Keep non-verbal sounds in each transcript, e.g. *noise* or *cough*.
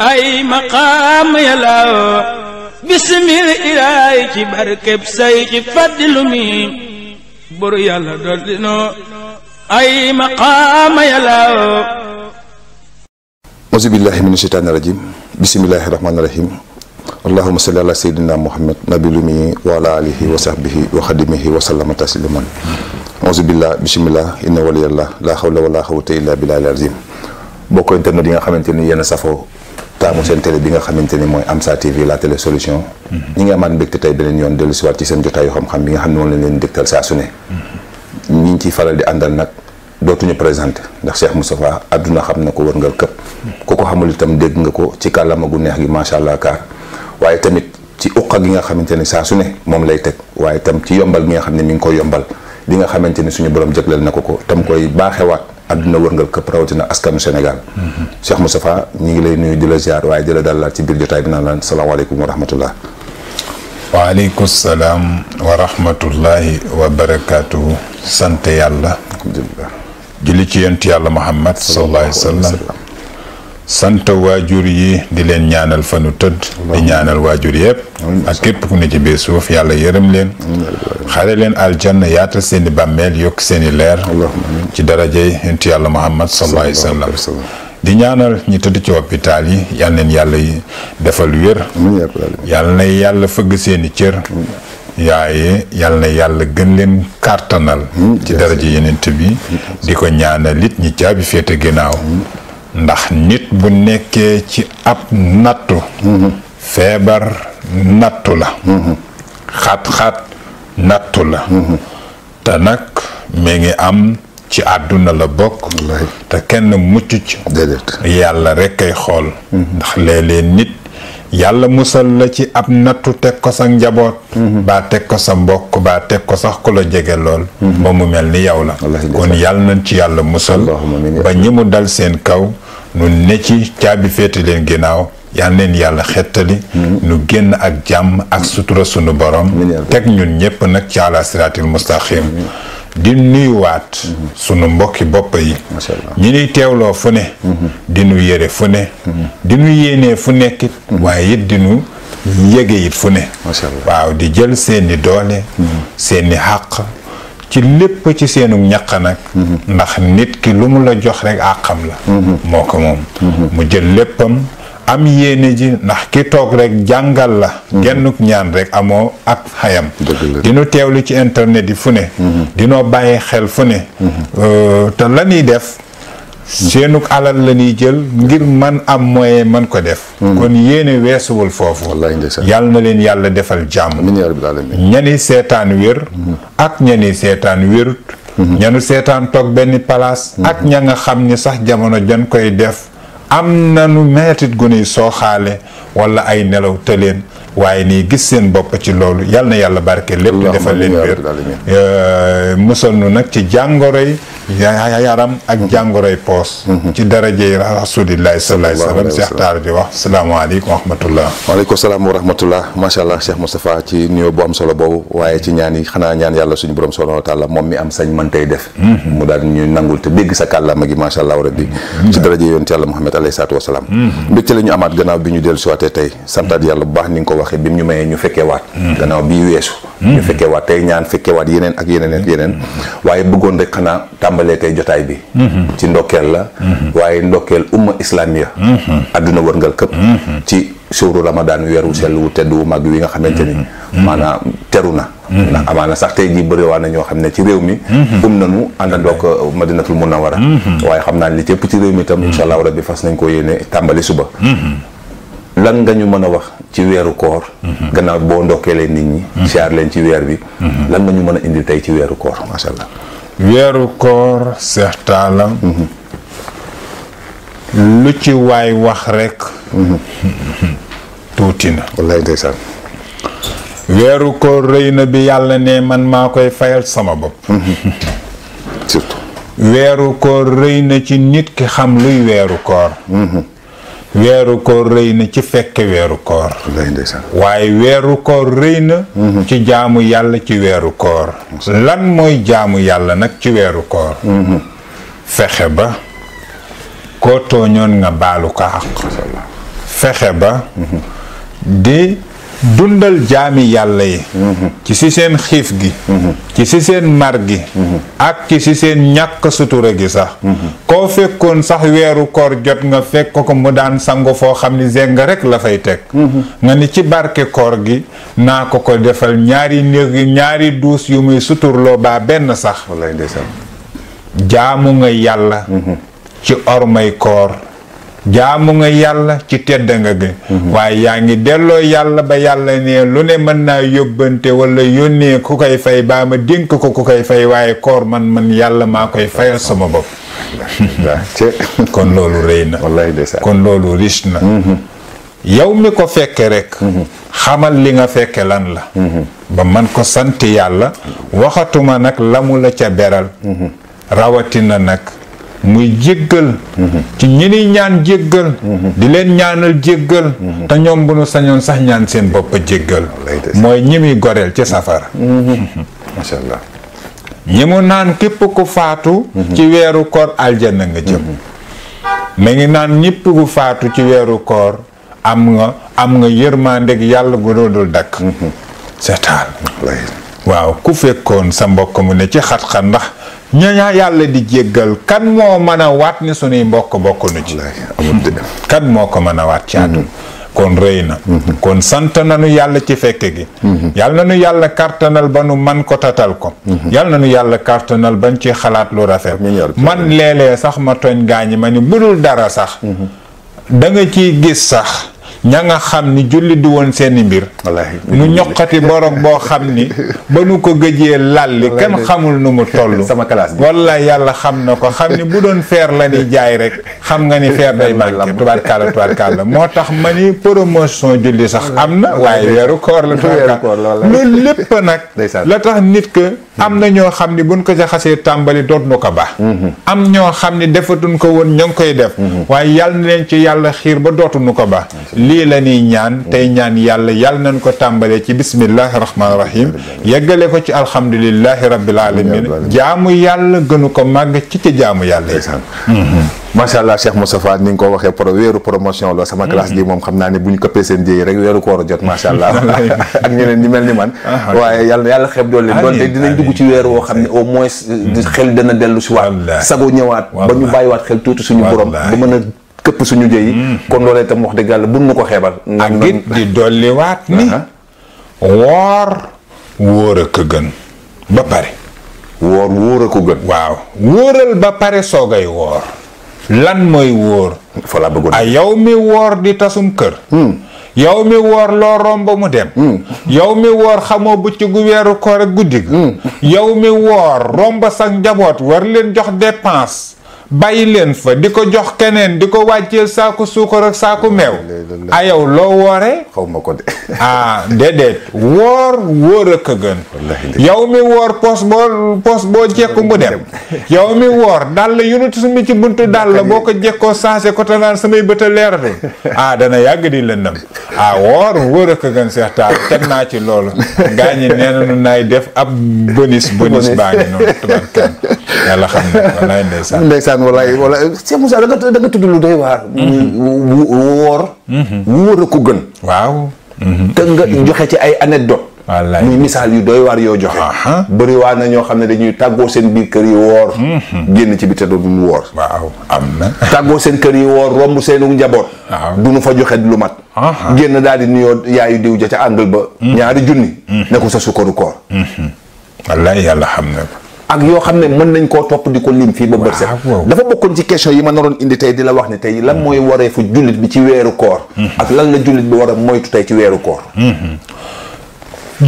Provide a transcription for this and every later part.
ay maqaam yàllaawo bisimil ilaay ci barkeb say ci faddilu mi buru yàlla doldinoo ay maqaam yàllaawo auzu billahi min asheytaani rajim bisimillahi rahmaani rahim allahuma salli ala sayyidina muhammad nabilumi wa ala alihi wa sahbihi wa xadimihi wa sallama tasliman auzu billah bisimillah inna waliyallah laa xawla wala xawata illa billahi alazim bokk internet yi nga xamante ni yéen a safoo taamu seen télé bi nga xamante ni mooy Amsa TV la télé solution. Mhm. ñi nga amaat mbégte tey beneen yoon dellu siwaat ci seen jotaayu xam-xam bi nga xam ne moom lañ leen saa su ne. Mhm. ñi ñu ciy faral di àndal nag dootuñu présenté ndax Cheikh Moustapha àdduna xam na ko wërngal këpp. Mhm. ku ko xamul itam dégg nga ko ci kàllaama gu neex macha allah kaar waaye tamit ci uqa gi nga xamante ne saa su ne moom lay teg waaye tam ci yombal gi nga xam ne mi ngi koy yombal li nga xamante ni suñu borom jëglal na ko ko tam koy baaxewaat àdduna wërngal këpp rawatina askanu Sénégal. Cheikh Moustapha ñu ngi lay nuyu di la ziar waaye di la dalalaat ci biir jotaay bi naan laan salaamaaleykum wa rahmatullah. waaleykum salaam wa rahmatullahi wa barakaatu. sant yàlla. alhamdulilah. ci yonent yàlla Muhammad sallallahu alayhi wa sallam. sant waajur yi di leen ñaanal fanu nu tëdd di ñaanal waajur yëpp ak képp ku ne ci biir suuf yàlla yërëm leen xare leen aljanna yaatal seeni bàmmeel yokk seeni leer ci darajey yonent yàlla muhammad sallallahu alayhi wa sallam di ñaanal ñi tëdd ci hôpital yi yal neen yàlla defal wér yàlla na yàlla fëgg seeni cër yaaye na yàlla gën leen kàttanal ci daraje yenent bi di ko ñaanal it ñi caabi féete ginnaaw ndax nit bu nekkee ci ab nattu mm-hmm. feebar nattu la mm-hmm. xat-xat nattu la mm-hmm. te nag mi ngi am ci àdduna la bokk te kenn mucc ci yàlla rekk ay xool ndax léeg-léeg nit yàlla musal la ci ab nattu teg ko sa njaboot baa teg ko sa mbokk baa teg ko sax ku la jege lool ba mu mel ni yow la kon yàlla nañ ci yàlla musal ba ñi mu dal seen kaw nun ne ci caabi féete leen ginnaaw yal leen yàlla xettali hmm. nu génn ak jàmm ak sutura sunu borom teg ñun ñëpp nag ci àla siraatil mustaqim di nuyuwaat hmm. sunu mbokki bopp yi ñi nuy teewloo fu ne hmm. di nu yëre fu ne di yéenee fu nekkit waaye it dinu nu yége it fu ne waaw di jël seeni doole seeni xàq ci lépp ci seenum ñaq nag ndax nit ki lu mu la jox rek àqam la moo ko moom mu jël léppam am yéene ji ndax ki toog rek jàngal la gennuk ñaan rek amoo ak xayam dinu teewlu ci internet yi fu ne mm-hmm. dinoo bàyyi xel fu ne mm-hmm. euh, te la ñuy def seenu alal la ñuy jël ngir man am moyen man ko def hmm. kon yéene weesuwul foofu yàlla na leen yàlla defal jàmm ñani seetaan wér hmm. ak ñani seetaan wérut hmm. ñanu seetaan toog benn palaas ak ña nga xam ni sax jamono jan koy def am nanu metit gu soo xaale wala ay nelaw leen waaye nii gis seen bopp ci loolu yàlla na yàlla barke lépp defal leen wér euh, musal nu nag ci jàngoro yi yaram ak mm-hmm. jàngoroy poos mm-hmm. ci darajey rasulillahi sallallahu alayhi wasallam Cheikh Taar di wax salaamaaleykum wa rahmatullah waaleykum salaam wa rahmatullah macha allah Cheikh Moustapha ci nuyoo bu am solo boobu waaye ci ñaan yi xanaa ñaan yàlla suñu borom subhanahu wa taala moom mi am sañ man tey def mm-hmm. mu daal ñuy nangul te dégg sa kàllaama gi macha allah rabbi ci darajey yonent yàlla Muhammad alayhi salaatu wasalaam mbégte la ñu amaat gannaaw bi ñu dellu siwaatee tey santaat yàlla bu baax ni nga ko waxee bi ñu mayee ñu fekkee waat gannaaw bii weesu ñu fekkee waat tey ñaan fekkee waat yeneen ak yeneen ak yeneen waaye bëggoon rek xanaa tàmbalee tey jotaay bi mm-hmm. ci ndokkeel la mm-hmm. waaye ndokkeel umma islamiya adduna mm-hmm. wërngal këpp ci suuru ramadaan weeru sell wu tedd wu mag wi nga xamante ni maanaam teru na ndax amaana sax tey jii bëriwaa na ñoo xam ne ci réew mi um nanu àndandoog uh, madinatul munawara waaye xam naa li ci ëpp ci réew mi itam insha allahu rabbi fas nañ koo yéene tàmbali suba lan nga ñu mën a wax ci weeru koor gannaaw boo ndokkeelee nit ñi siyaar leen ci weer bi lan nga mën a indi tey ci weeru koor macha weeru koor seex lu ci waay wax rekk tuuti na weeru koor rëy na bi yàlla ne man maa koy fayal sama bopp *laughs* weeru koor rëy na ci nit ki xam luy weeru koor mm-hmm. weeru koor rëy na ci fekke weeru koor waaye weeru koor rëy na mhm. ci jaamu yàlla ci weeru koor lan mooy jaamu yàlla nag ci weeru koor mhm. fexe ba koo tooñoon nga baalu ko àq fexe ba mhm. di dundal jaami yàlla yi ci si seen xiif gi ci si seen mar gi ak ci si seen ñàkk sutura gi sax koo fekkoon sax weeru koor jot nga fekk ko mu daan sangu foo xam ni zeng rek la fay teg nga ni ci barke koor gi naa ko ko defal ñaari néeg yi ñaari duus yu muy suturloo baa benn sax jaamu nga yàlla ci ormay koor jaamu nga yàlla ci tedd nga gi mhm. waaye yaa ngi delloo yàlla ba yàlla ne lu ne mën naa yóbbante wala yónnee ku koy fay baa ma dénk ko ku koy fay waaye koor man man yàlla maa koy fayal sama bopp *laughs* kon loolu rëy na kon loolu riche na mhm. yow mi ko fekke rek mhm. xamal li nga fekke lan la ba man ko sant yàlla waxatuma nag lamu la ca beral na nag muy jéggal ci ñi ni ñaan jéggal di leen ñaanal jéggal te ñoom bu nu sañoon sax ñaan seen bopp jéggal mooy ñi muy goreel ci safara macha naan képp ku faatu ci weeru koor aljanna nga jëm ma ngi naan ñëpp ku faatu ci weeru koor am nga am nga yërmaandeg yàlla gu dul dakk mm-hmm. seetaan waaw ku fekkoon sa mbokk mu ne ci xat-xat ndax ñañaa yàlla di jéggal kan moo mën a waat ni suñuy mbokk bokkuñu ci kan moo ko mën a waat ci àdduna kon rëy na mhm. kon sant nañu yàlla ci fekk gi mhm. yàlla nañu yàlla kartanal ba nu man ko tatal ko mhm. yàlla nañu yàlla kartanal bañ ci xalaat lu rafet man léeg sax ma tooñ gaañi ma ni budul dara sax da ciy gis sax ña nga xam ni julli di woon seeni mbir nu ñoqati borom boo xam ni ba nu ko gëjee lalli kenn xamul nu mu toll *laughs* sama classe walla yàlla xam na ko xam ni bu doon feer la jaay rek xam nga ni feer day manqué tubaarkàlla tubaarkàlla moo tax ma ni promotion julli sax am na waaye weeru koor la tubaarkàlla loolu lépp nag *laughs* la tax nit que am na hmm. ñoo xam ni buñ ko ca xasee tàmbali doot nu ko baax hmm. ñoo xam ni defatuñ ko woon ñoo koy def hmm. waaye ba dootuñu ko baax lii la ñuy ñaan tey ñaan yàlla yàlla nañ ko tàmbalee ci bismillahi rahmaani rahim yeggale ko ci alhamdulilahi rabbil alamin jaamu yàlla gënu ko màgg ci ca jaamu yàlla yi macha allah Cheikh Moustapha ni nga ko waxee weeru promotion la sama classe gi moom xam naa ne bu ñu këppee seen jéey rek weeru koor a jot macha allah *laughs* ak ñeneen ñi mel ni man ah, waaye yàlla yàlla xeeb dool leen dugg ci weer woo xam ne au moins euh, xel dana dellu si waat sago ñëwaat ba ñu bàyyiwaat xel a këpp suñu jëyi hmm. kon loolee itam wax dëgg yàlla buñ nu ko xeebal ak it di dolliwaat ni woor wóor a gën ba pare woor wóor a gën waaw wóoral ba pare soogay woor lan mooy wóor fa a ah, yow mi woor di tasum kër hmm. yow mi woor loo romb mu dem hmm. yow mi woor xamoo bëccëgu weeru koor ak guddi ga yow mi woor romb sa njaboot war leen jox dépense bàyyi leen fa di ko jox keneen di ko wàcceel saaku suukar ak saaku meew a ah, yow loo woore xaw ma ko de *laughs* ah déedéet woor ak gën yow mi woor pos boo pos boo jekku mu dem *laughs* yow mi woor dàll yu nu sumi ci buntu dàll boo ko jekkoo saase ko te naan samay bët a leeratu ah dana yàgg di lëndëm ah woor wóor ak gën seex taal teg naa ci loolu gaa ñi nee nañu naay def ab bonus bonus baa ngi noonu tubaab kenn yàlla xam ne walaay ndeysaan walaay wala Cheikh Moussa da nga da nga tudd lu doy waar. woor. Mhm. wóor a ko gën. waaw. Mhm. te nga joxe ci ay anecdote wallaay muy misaal yu doy waar yoo joxe. bëri waa na ñoo xam ne dañuy tàggoo seen biir kër yi woor. Mhm. génn ci bi te duñu woor. waaw tàggoo seen kër yi woor romb seenu njaboot. waaw duñu fa joxe lu mat. génn daal di nuyoo yaayu diw ja ca àndal ba. ñaari junni. ne ko sa sukkaru koor. wallaay yàlla xam na ak yoo xam ne mën nañ koo topp di ko lim fii ba bët set dafa bokkoon ci question yi ma naroon indi tey di la wax ne tey lan mooy wareefu jullit bi ci weeru koor mm-hmm. ak lan la jullit bi war a moytu tey ci weeru koor mm-hmm.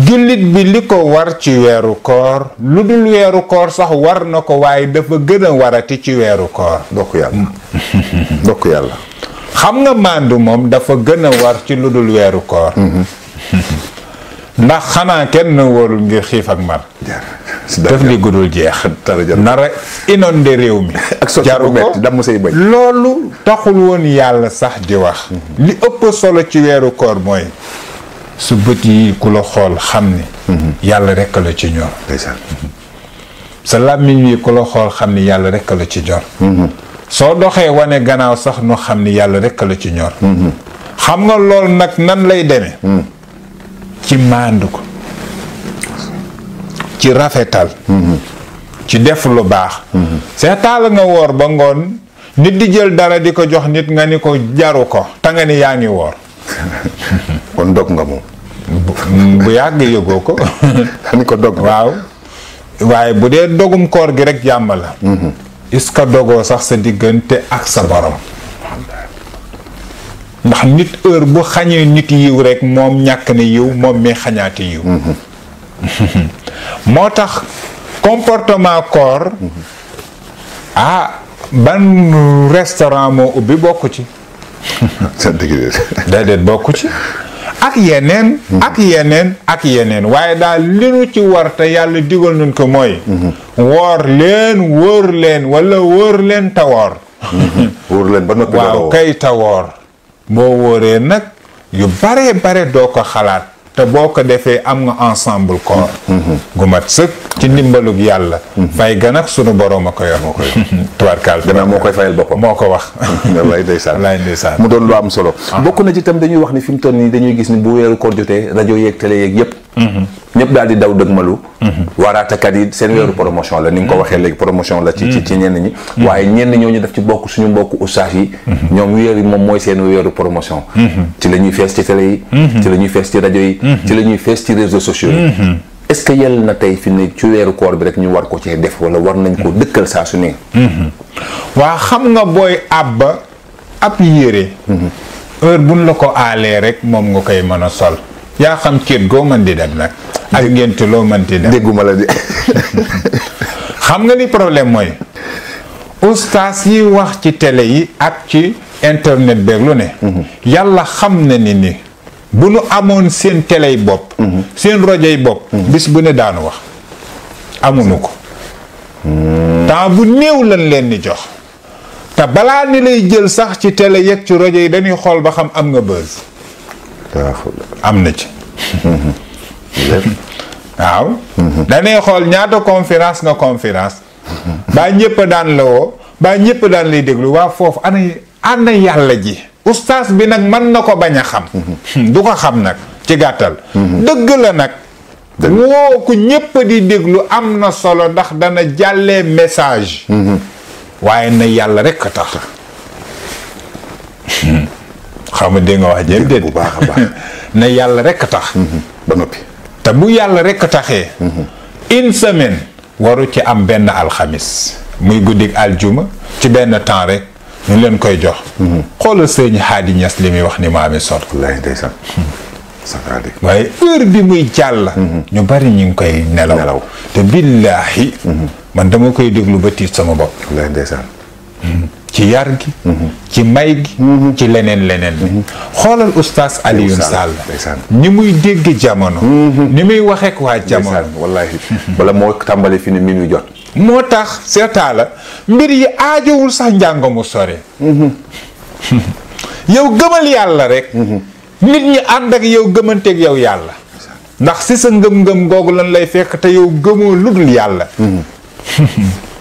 jullit bi li ko war ci weeru koor lu dul weeru koor sax war na ko waaye dafa gën a warati ci weeru koor ndokk yàlla ndokk mm-hmm. yàlla xam nga màndu moom dafa gën a war ci lu dul weeru koor *laughs* ndax xanaa kenn warul ngir xiif ak mar def li gudul jeex nara inondé réew mi *laughs* ak jaru ko dam say bañ loolu taxul woon yàlla sax di wax mhm. li ëpp solo ci weeru koor mooy su bët yi ku la xool xam ni mhm. yàlla rekk la ci ñor mhm. sa làmmiñ wi xool xam ni yàlla rekk ci ñor soo doxee wane gannaaw sax noo xam ni yàlla rekk la ci ñor xam nga loolu nag nan lay demee ci maandu ko ci rafetal ci def lu baax seetaal nga woor ba ngoon nit di jël dara di ko jox nit nga ni ko jaru ko te nga ni yaa ngi woor *laughs* kon dog nga bu yàgg yëgoo ko ni *laughs* ko dog waaw waaye bu dee dogum koor gi rek jàmm la mhm. est-ce dogoo sax sa diggante ak sa borom ndax nit heure bu xañee nit yiw rek moom ñàkk na yiw moom mi xañaati yiw mhm. *laughs* moo tax comportement corps ah ban restaurant moo ubbi bokku ci *laughs* *laughs* déedéet bokku ci ak yeneen mhm. ak yeneen ak yeneen waaye daal li nu ci war te yàlla digal nun ko mooy mhm. woor leen wóor leen walla wóor leen tawoor mhm. *laughs* wóor leen ba noppi waaw kay tawoor boo wooree nag yu bare bare doo ko xalaat te boo ko defee am nga ensemble koor gu mat sëkk ci ndimbalug yàlla fay gan ak sunu borom a ko yor tubaarkaal gannaaw moo koy fayal boppam moo ko wax wallaay ndeysaan wallaay ndeysaan mu doon lu am solo ah. bokk na ci itam dañuy wax ni fi mu toll nii dañuy gis ni bu weeru koor jotee rajo yeeg télé yeeg yëpp Mm-hmm. ñëpp daal di daw dëgmalu mm-hmm. waaraatakat yi seen weeru mm-hmm. promotion la ni nga ko waxee léegi promotion la ci ci ñenn ñi waaye ñenn ñoo ñu def ci bokk suñu mbokk ustaas yi ñoom weer yi moom mooy seen weeru promotion ci la ñuy fees ci télé yi ci la ñuy fees ci rajo yi ci la ñuy fees ci réseaux sociaux yi est-ce que yell na tey fi ne ci weeru koor bi rek ñu war ko cee def wala war nañ ko dëkkal saa su ne waa xam nga booy àbba ab yére heure buñ la ko aalee rek moom nga koy mën a sol yaa xam céet goo mën di dem nag. ak ngénte loo mën di dem dégguma la de. *laughs* xam nga ni problème mooy ustaas yi wax ci tele yi ak ci internet beeg lu ne. Mhm. yàlla xam na ni ni bu nu amoon seen tele yi bopp. Mhm. seen rajo yi bopp. Mhm. bis bu ne daanu wax amuñu ko. Hmm. temps bu néew lañ leen di jox. te balaa ni lay jël sax ci télé yeeg ci rajo yi dañuy xool ba xam am nga buzz. am na ci. *laughs* waaw. Mhm. dañuy xool ñaata conférence nga conférence. Mhm. baa ñëpp daan la woo baa ñëpp daan lay déglu waa foofu ana yàlla ji. ustaas bi nag mën na ko bañ a xam. Mhm. du ko xam nag ci gàttal. dëgg la nag. woo ku ñëpp di déglu am na solo ndax dana jàllee message. waaye na yàlla rekk a tax. xaw ma dégg nga wax jéem bu baax *laughs* na yàlla rek tax. Mm-hmm. ba noppi te bu yàlla rek a taxee. Mm-hmm. une semaine waru ci am benn alxamis muy guddik aljuma ci benn temps rek ñu leen koy jox. Mm-hmm. xoolal sëñ Xaadi li muy wax ni maami sot wallaahi ndeysaan hmm. waaye heure bi muy jàll. ñu bari ñu ngi koy nelaw. te billaahi man dama koy déglu ba tiit sama bopp. ci yar gi ci may gi ci leneen leneen xoolal oustaz Alioune Sall ni muy dégg jamono ni muy ko waa jamono wallaahi moo tàmbali fi ni mi ñu jot moo tax seetaa la mbir yi aajowul sax njàng mu sore *laughs* yow gëmal yàlla rek nit ñi ànd ak yow gëmanteeg yow yàlla ndax si sa ngëm-ngëm googu lan lay fekk te yow gëmoo ludul yàlla mm-hmm. *laughs*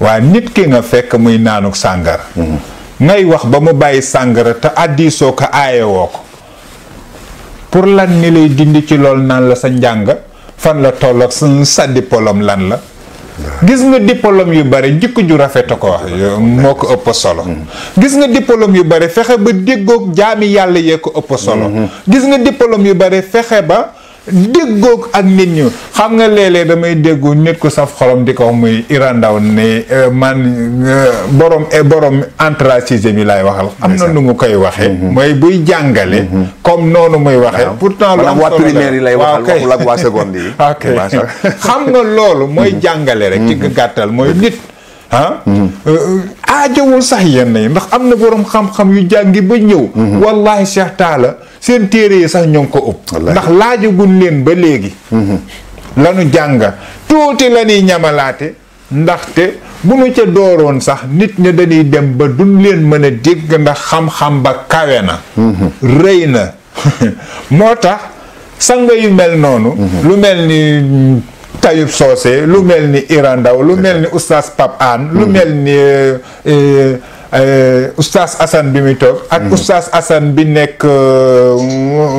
waaye nit ki nga fekk muy naanu sàngara mhm. ngay wax ba mu bàyyi sàngara te àddiisoo ko aayewoo ko pour lan ni lay dindi ci lool naan la sa njàng fan la tolloog sa diplôme lan la gis nga diplôme yu bare jikko ju rafet a ko wax moo ko ëpp solo mhm. gis nga diplôme yu bare fexe ba déggoog jaami yàlla yee ko ëpp solo mhm. gis nga diplôme yu bare fexe ba déggoog ak nit ñi xam nga léeg-léeg damay déggu nit ku saf xorom di ko muy Iran ni ne euh, man euh, borom e borom antracise mi laay waxal am na nu mu koy waxee mm-hmm. mooy buy jàngale mm-hmm. comme noonu muy waxee pourtant lu am primaire yi lay waxal waxul ak waa seconde yi *laughs* ok xam nga loolu mooy mm-hmm. jàngale rek ci gàttal mooy nit ah? euh, aajowul sax yenn yi ndax am na boroom xam-xam yu jàngi ba ñëw. Mhm. wallahi Cheikh seen téere yi sax ñoo ngi ko ëpp. ndax laajaguñ leen ba léegi. Mhm. lanu jàng tuuti la ñamalaate ndaxte bu nu ca dooroon sax nit ñi dañuy dem ba duñ leen mën a dégg ndax xam-xam ba kawe na. Mhm. rëy na *laughs* moo tax sanga yu mel noonu. lu mel ni. Tayib Socé lu mel ni Iran Ndaw lu mel ni oustaz Pape lu mm-hmm. mel ni eh, eh, eh, oustaz Assane bi muy toog ak mm-hmm. oustaz Assane bi nekk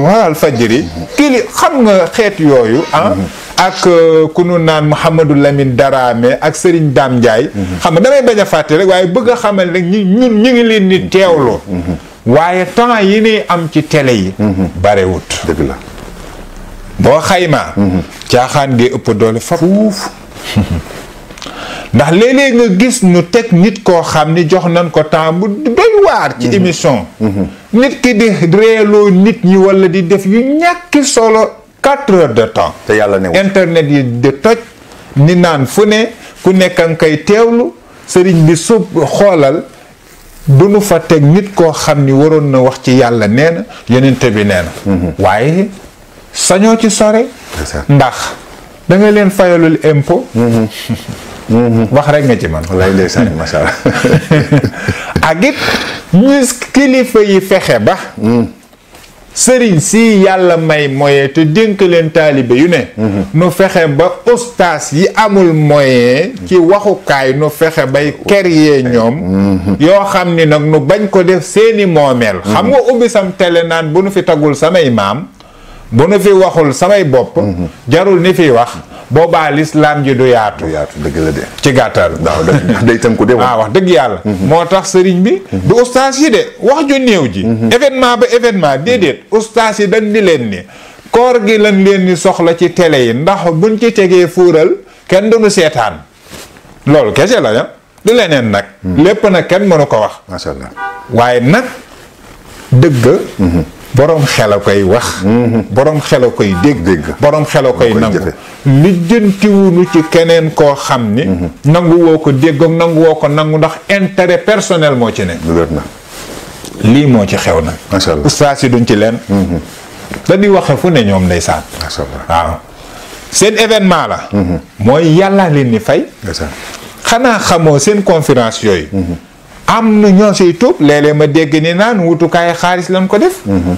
Walf Fadjri mm-hmm. kii xam nga xeet yooyu ah ak ku nu naan Mouhamadou Lamine Darame ak Serigne Dame Ndiaye xam nga damay bañ a fàtte rek waaye bëgg a xamal rek ñi ñun ñu ngi leen ni teewloo waaye temps yi nuy am ci télé yi barewut boo xaymaa. caaxaan gee ëpp doole fuuf. ndax léeg-léeg nga gis nu teg nit koo xam ni jox nañ ko temps bu doy waar ci mhm. émission mhm. nit ki di reeloo nit ñi walla di def yu ñàkki solo quatre heures de temps te yàlla ne internet yi di toj ni naan fu ne ku nekk nga koy teewlu sëriñ bi su xoolal du nu fa teg nit koo xam ni waroon na wax ci yàlla nee na bi nee mhm. waaye sañoo ci sore ndax da leen fayalul impôt mm-hmm. Mm-hmm. wax rek nga ci man wallaay ndeysaan *laughs* kilifa yi fexe ba mm. sëriñ si yàlla may moyen te dénk leen taalibe yu ne mm-hmm. nu fexe ba ustaas yi amul moyen ci waxukaay nu fexe bay créer ñoom yoo xam ni nag nu bañ ko def seeni moomeel xam nga ubbi sam télé naan bu nu fi tagul samay maam bu nu fi waxul samay bopp. jarul ni fi wax. boobaa lislaam ji du yaatu. yaatu dëgg la de. ci gàttal. waaw day tënku ko waaw ah, wax dëgg yàlla. Mhm. moo tax sëriñ bi. Mhm. du ustaas yi de wax ju néew ji. Mhm. événement ba événement déedéet ustaas yi dañ di leen ni. koor gi lañ leen ni soxla ci télé yi ndax buñ ci tegee fuural kenn du seetaan loolu kese la ya ah. du leneen nag. lépp nag kenn mënu ko wax. macha waaye nag dëgg. borom xel a koy wax. Mm-hmm. borom xel a koy dégg. dégg borom xel a koy nangu. lijjantiwunu ci keneen koo xam ni. Mm-hmm. nangu woo ko dégg ak nangu woo ko nangu ndax intérêt personnel moo ci ne. lii moo ci xew nag. macha allah ustaas duñ ci leen. Mm-hmm. dañuy waxe fu ne ñoom ndeysaan. saa allah waaw seen événement la. mooy yàllaa leen ni fay. xanaa xamoo seen conférence yooyu. am na ñoo say tuub léeg-léeg ma dégg ni naan wutukaay xaalis lañ ko def mhm.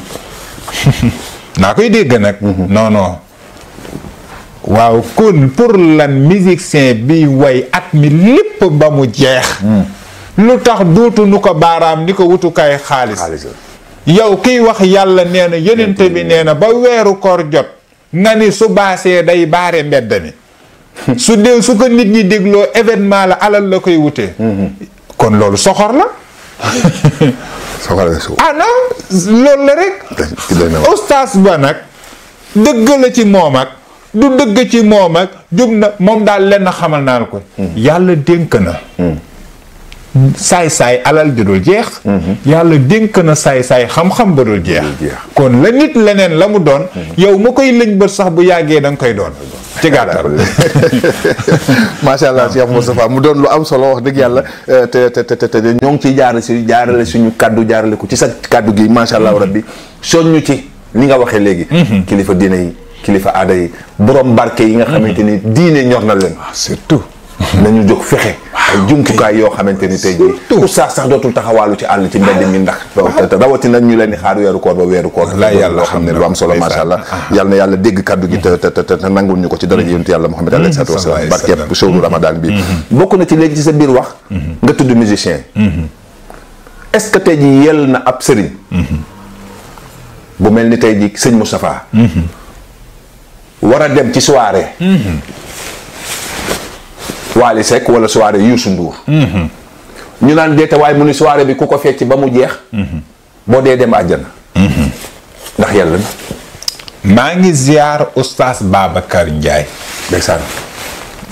*laughs* naa koy dégg nag mhm. non waaw kon pour lan musicien bi woy at mi lépp ba mu jeex mhm. lu tax duutu nu ko baaraam ni ko wutukaay xaalis yow kiy wax yàlla nee na yonent bi nee na ba weeru koor jot nga ni su baasee day baare mbedd mi *laughs* su dee su ko nit ñi dégloo événement la alal la koy wutee kon loolu soxor la. *laughs* soxor la suuf ah non loolu la rek. ostaas ba nag dëgg la ci moom ak du dëgg ci moom ak jub na moom daal lenn xamal naa la ko. Hmm. yàlla dénk na. Hmm. saay-saay alal ju dul jeex hmm. yàlla dénk na saay-saay xam-xam ba dul jeex kon la nit leneen la mu doon yow ma koy lëñ sax bu yàggee danga koy doon ci gàttal *laughs* macha allah Cheikh Moustapha mu doon lu am solo wax dëgg yàlla eh, te te te te ñoo ngi ciy jaarale si jaarale suñu kaddu jaarale ko ci sa kaddu gi macha allah rabbi soññu ci ni nga waxee léegi. Mhm. kilifa diine yi kilifa aada yi borom barke yi nga mhm. xamante ni diine ñor na leen. Ah, nañu jóg fexe. ay jumtukaay yoo xamante ni tey jii. oustaz sax dootul taxawaalu ci àll ci mbedd mi ndax. Ah. rawatina ñu leen di xaar weeru koor ba weeru koor. la yàlla loo xam ne lu am solo macha allah. Ah. yàlla dégg kaddu gi te te te nangul ñu ko ci dara yonent yàlla Muhammad alayhi salaatu wa salaam bi. Mm-hmm. bokk na ci léegi ci sa biir wax. Mm-hmm. nga tudd musicien. Mm-hmm. est-ce que tey jii yell na ab sëriñ. bu mel ni tey jii sëñ Moustapha. war a dem ci soirée. Waly Seck wala soirée Youssou Ndour. Mhm. ñu naan deete waaye mu ni soirée bi ku ko fecc ba mu jeex. Mhm. boo dee dem àjjana. Mhm. ndax yàlla na. maa ngi ziar oustaz Babacar Ndiaye. ndeysaan.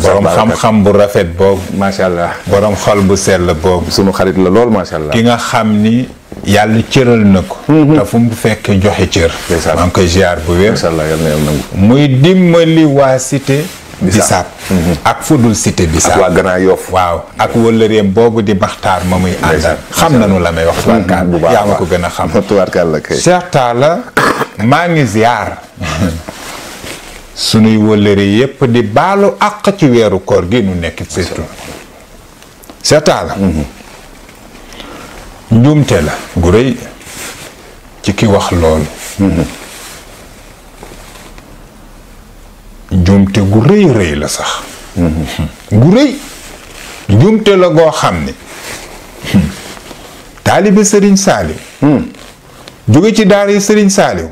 xam-xam bu rafet boobu. macha allah borom xol bu sell boobu. sunu xarit la lool macha ki nga xam ni yàlla cëral na ko. te fu mu fekkee joxe cër. maa ngi koy ziar bu wér. muy dimbali waa cité. bisaab mhm. ak fudul cité bisaab ak waaw ak wëllëreem boobu di baxtaar ma muy àndal xam nañu la may wax tubaarkaal yaa ma ko xam tubaarkaal la kay ngi ziar sunuy wëllëre yépp di baalu àq ci weeru koor gi nu nekk surtout Cheikh Talla mhm. njuumte la gu rëy ci ki wax loolu mhm. jumte gu rëy rëy la sax gu rëy njuumte la goo xam ne taalibe sëriñ saaliw jóge ci daara sëriñ saaliw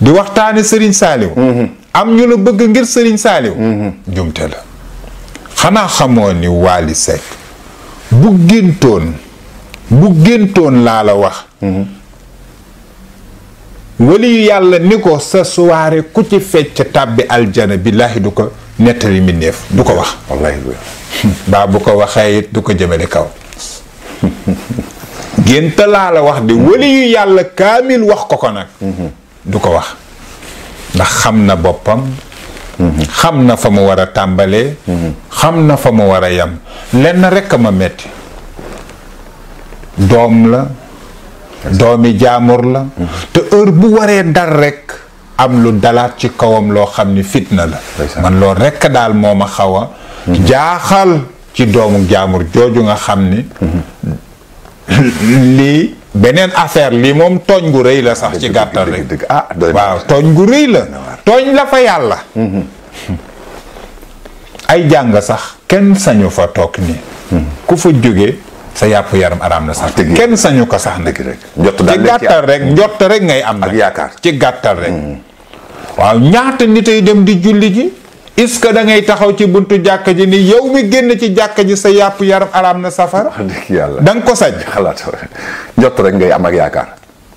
di waxtaane sëriñ saaliw am ñu la bëgg ngir sëriñ saaliw njuumte la xanaa xamoo ni Waly Seck bu géntoon bu géntoon laa la wax waliyu yàlla ni ko sa soirée ku ci fecc tàbbi aljana billaahi du ko nettali mbindeef du ko wax baa bu ko waxee du ko jëmale kaw gént laa la wax di waliyu yàlla kaamil wax ko ko nag du ko wax ndax xam na boppam xam na fa mu war a tàmbalee xam na fa mu war a yam lenn rekk ma metti doom la doomi jaamur la te heure bu waree dal rekk am lu dalaat ci kawam loo xam ni fitna la man loolu rekk daal moo ma xaw a jaaxal ci doomu jaamur jooju nga xam ni mm-hmm. lii beneen affaire lii moom tooñ gu rëy la sax ci gàttal rek ah waaw tooñ gu rëy la tooñ la fa yàlla mm-hmm. ay jàng sax kenn sañu fa toog nii mm-hmm. ku fa jóge sa yàpp yaram araam na sax kenn sañu ko sax nag ci gàttal rek njott rek ngay am nag yaakaar ci gàttal rek mm. waaw ñaata nitay dem di julli ji est-ce que da ngay taxaw ci buntu jàkk ji ni yow mi génn ci jàkk ji sa yàpp yaram araam na safara da nga ko sañ xalaat njott rek ngay am ak yaakaar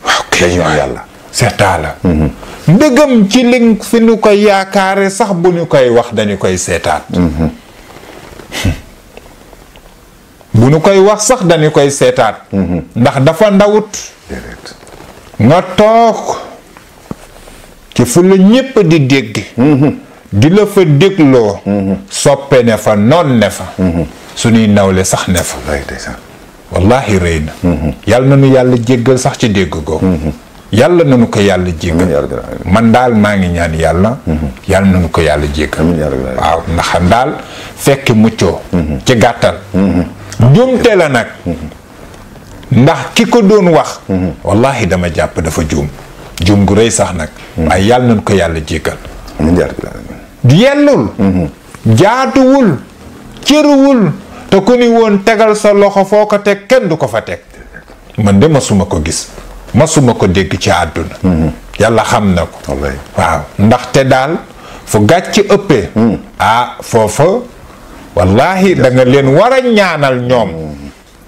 waaw dañu yàlla seetaa la mm-hmm. ndëgam ci li fi ñu koy yaakaare sax bu ñu koy wax dañu koy seetaat mm-hmm. *laughs* bu nu koy wax sax dañu koy seetaat mhm. ndax dafa ndawut nga toog ci fu la ñépp di dégg mhm. di la fa dégloo mhm. soppe ne fa noon ne fa suñuy nawle sax ne fa wallahi rëy na yàlla na nu yàlla jéggal sax ci dégg googu yàlla na nu ko yàlla jéggal man daal maa ngi ñaan yàlla yàlla na nu ko yàlla jéggal waaw ndax daal fekki muccoo ci gàttal juumte la nag ndax ki ko doon wax wallahi dama jàpp dafa jum juum gu rëy sax nag waaye yàlla nañ ko yàlla jéggal yellul jaatuwul cëruwul te ku ni woon tegal sa loxo foo ko teg kenn du ko fa teg man de masuma ko gis masuma ko dégg ci àdduna yàlla xam na ko waaw ndaxte daal fu gàcc ëppee hmm. ah foofa wallahi da leen war a ñaanal ñoom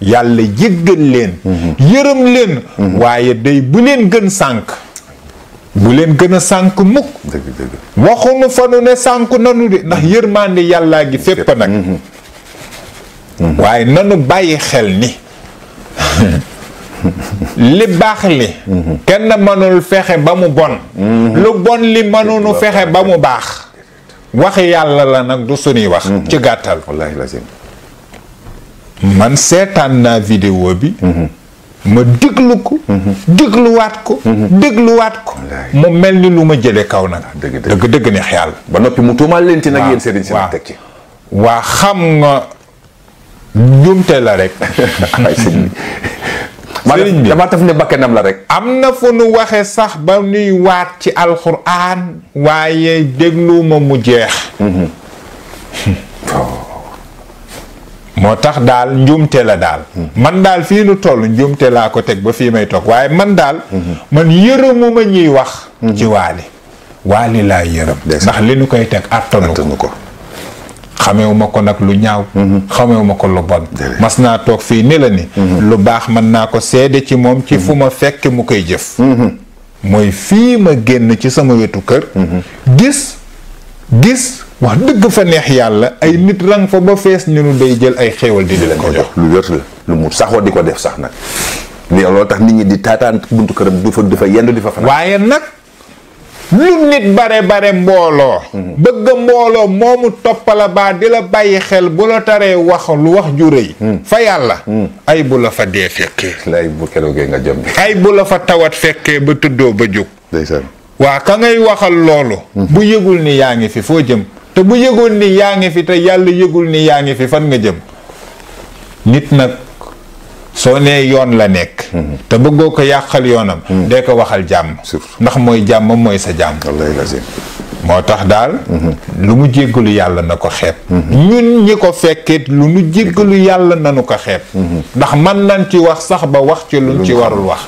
yàlla jéggal leen yërëm leen waaye day bu leen gën sànk bu leen gën a sànk mukk waxunu fa nu ne sànk nanu de ndax yërmande yàllaa gi fépp nag mhm. Mhm. waaye nanu bàyyi xel ni *laughs* li baax li mhm. kenn mënul fexe ba mu bon lu bon li mënunu fexe ba mu baax wax yàlla la nag du suñuy wax mhm. ci gàttal wallaahi lazim man seetaan naa vidéo bi mhm. ma déglu ko mhm. dégluwaat ko dégluwaat ko mu mel ni lu ma jële kaw nag ah, dëgg dëgg dëgg ne ba noppi mu tuumaal leen ci nag yéen sëriñ si teg ci waa xam nga jumte la rek *laughs* sëriñ bi dama taf ne bakkanam la rek. am na fu nu waxe sax ba nuy waat ci alxuraan waaye déglu ma mu jeex. Mm-hmm. Oh. moo tax daal njuumte la daal. Mm-hmm. man daal fii nu toll njuumte laa ko teg ba fii may toog waaye man daal. Mm-hmm. man yërëmu ma ñuy wax. ci waali waali laa yërëm. ndax li nu koy teg attanu ko. xamewu ma ko nag lu ñaaw mhm. xamewu ko lu bon mas naa toog fii ni la ni mhm. lu baax mën naa ko seede ci moom ci fu mhm. ma fekk mu koy jëf mooy fii ma génn ci sama wetu kër gis gis wax dëgg fa neex yàlla ay nit rang fa ba fees ñu nu day jël ay xéewal di di la jox lu wér la lu mu saxoo di ko def sax nag li loolu tax nit ñi di taataan buntu këram du fa yendu di fa fanaan waaye nag lu nit bare bare mbooloo mhm. bëgg mbooloo moomu toppala baa di la bàyyi xel bu la taree wax lu wax ju rëy mhm. fa yàlla mhm. ay bu la fa dee fekkee nga jombi ay bu la fa tawat fekkee ba tuddoo ba jóg waa ka ngay waxal loolu bu yëgul ni yaa ngi fi foo jëm te bu yëgul ni yaa ngi fi te yàlla yëgul ni yaa ngi fi fan nga jëm nit nag soo nee yoon la nekk mhm. te bëggoo ko yàqal yoonam mhm. dee ko waxal jàmm ndax mooy jàmm mooy sa jàmm moo tax daal mhm. lu mu jéggalu yàlla na ko xeeb ñun ñi ko fekkit lu nu jéggalu yàlla nanu ko xeeb ndax man nañ ci wax sax ba wax ci luñ ci warul wax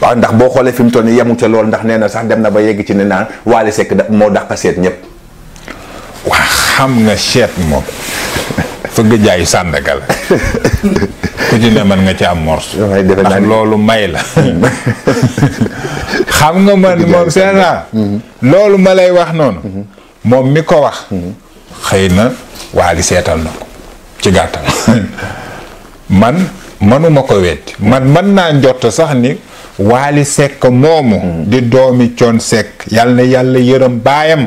waaw ndax boo xoolee fi mu toll nii yemu ca loolu ndax nee na sax dem na ba yegg ci ne naan sekk Seck moo dàq seet ñëpp waa xam nga seet moom *laughs* fëgg jaayu Sandaga la *laughs* ku ci ne mën nga ci am morse. ndax loolu may la. *laughs* xam nga man moom seen mm-hmm. loolu ma lay wax noonu. Mm-hmm. moom mi ko wax. Mm-hmm. xëy na waali seetal na ko ci gàttal. *laughs* man manuma ko weddi man mën naa njott sax ni. waali sekk moomu. di doomi coon sekk yal na yàlla yërëm baayam.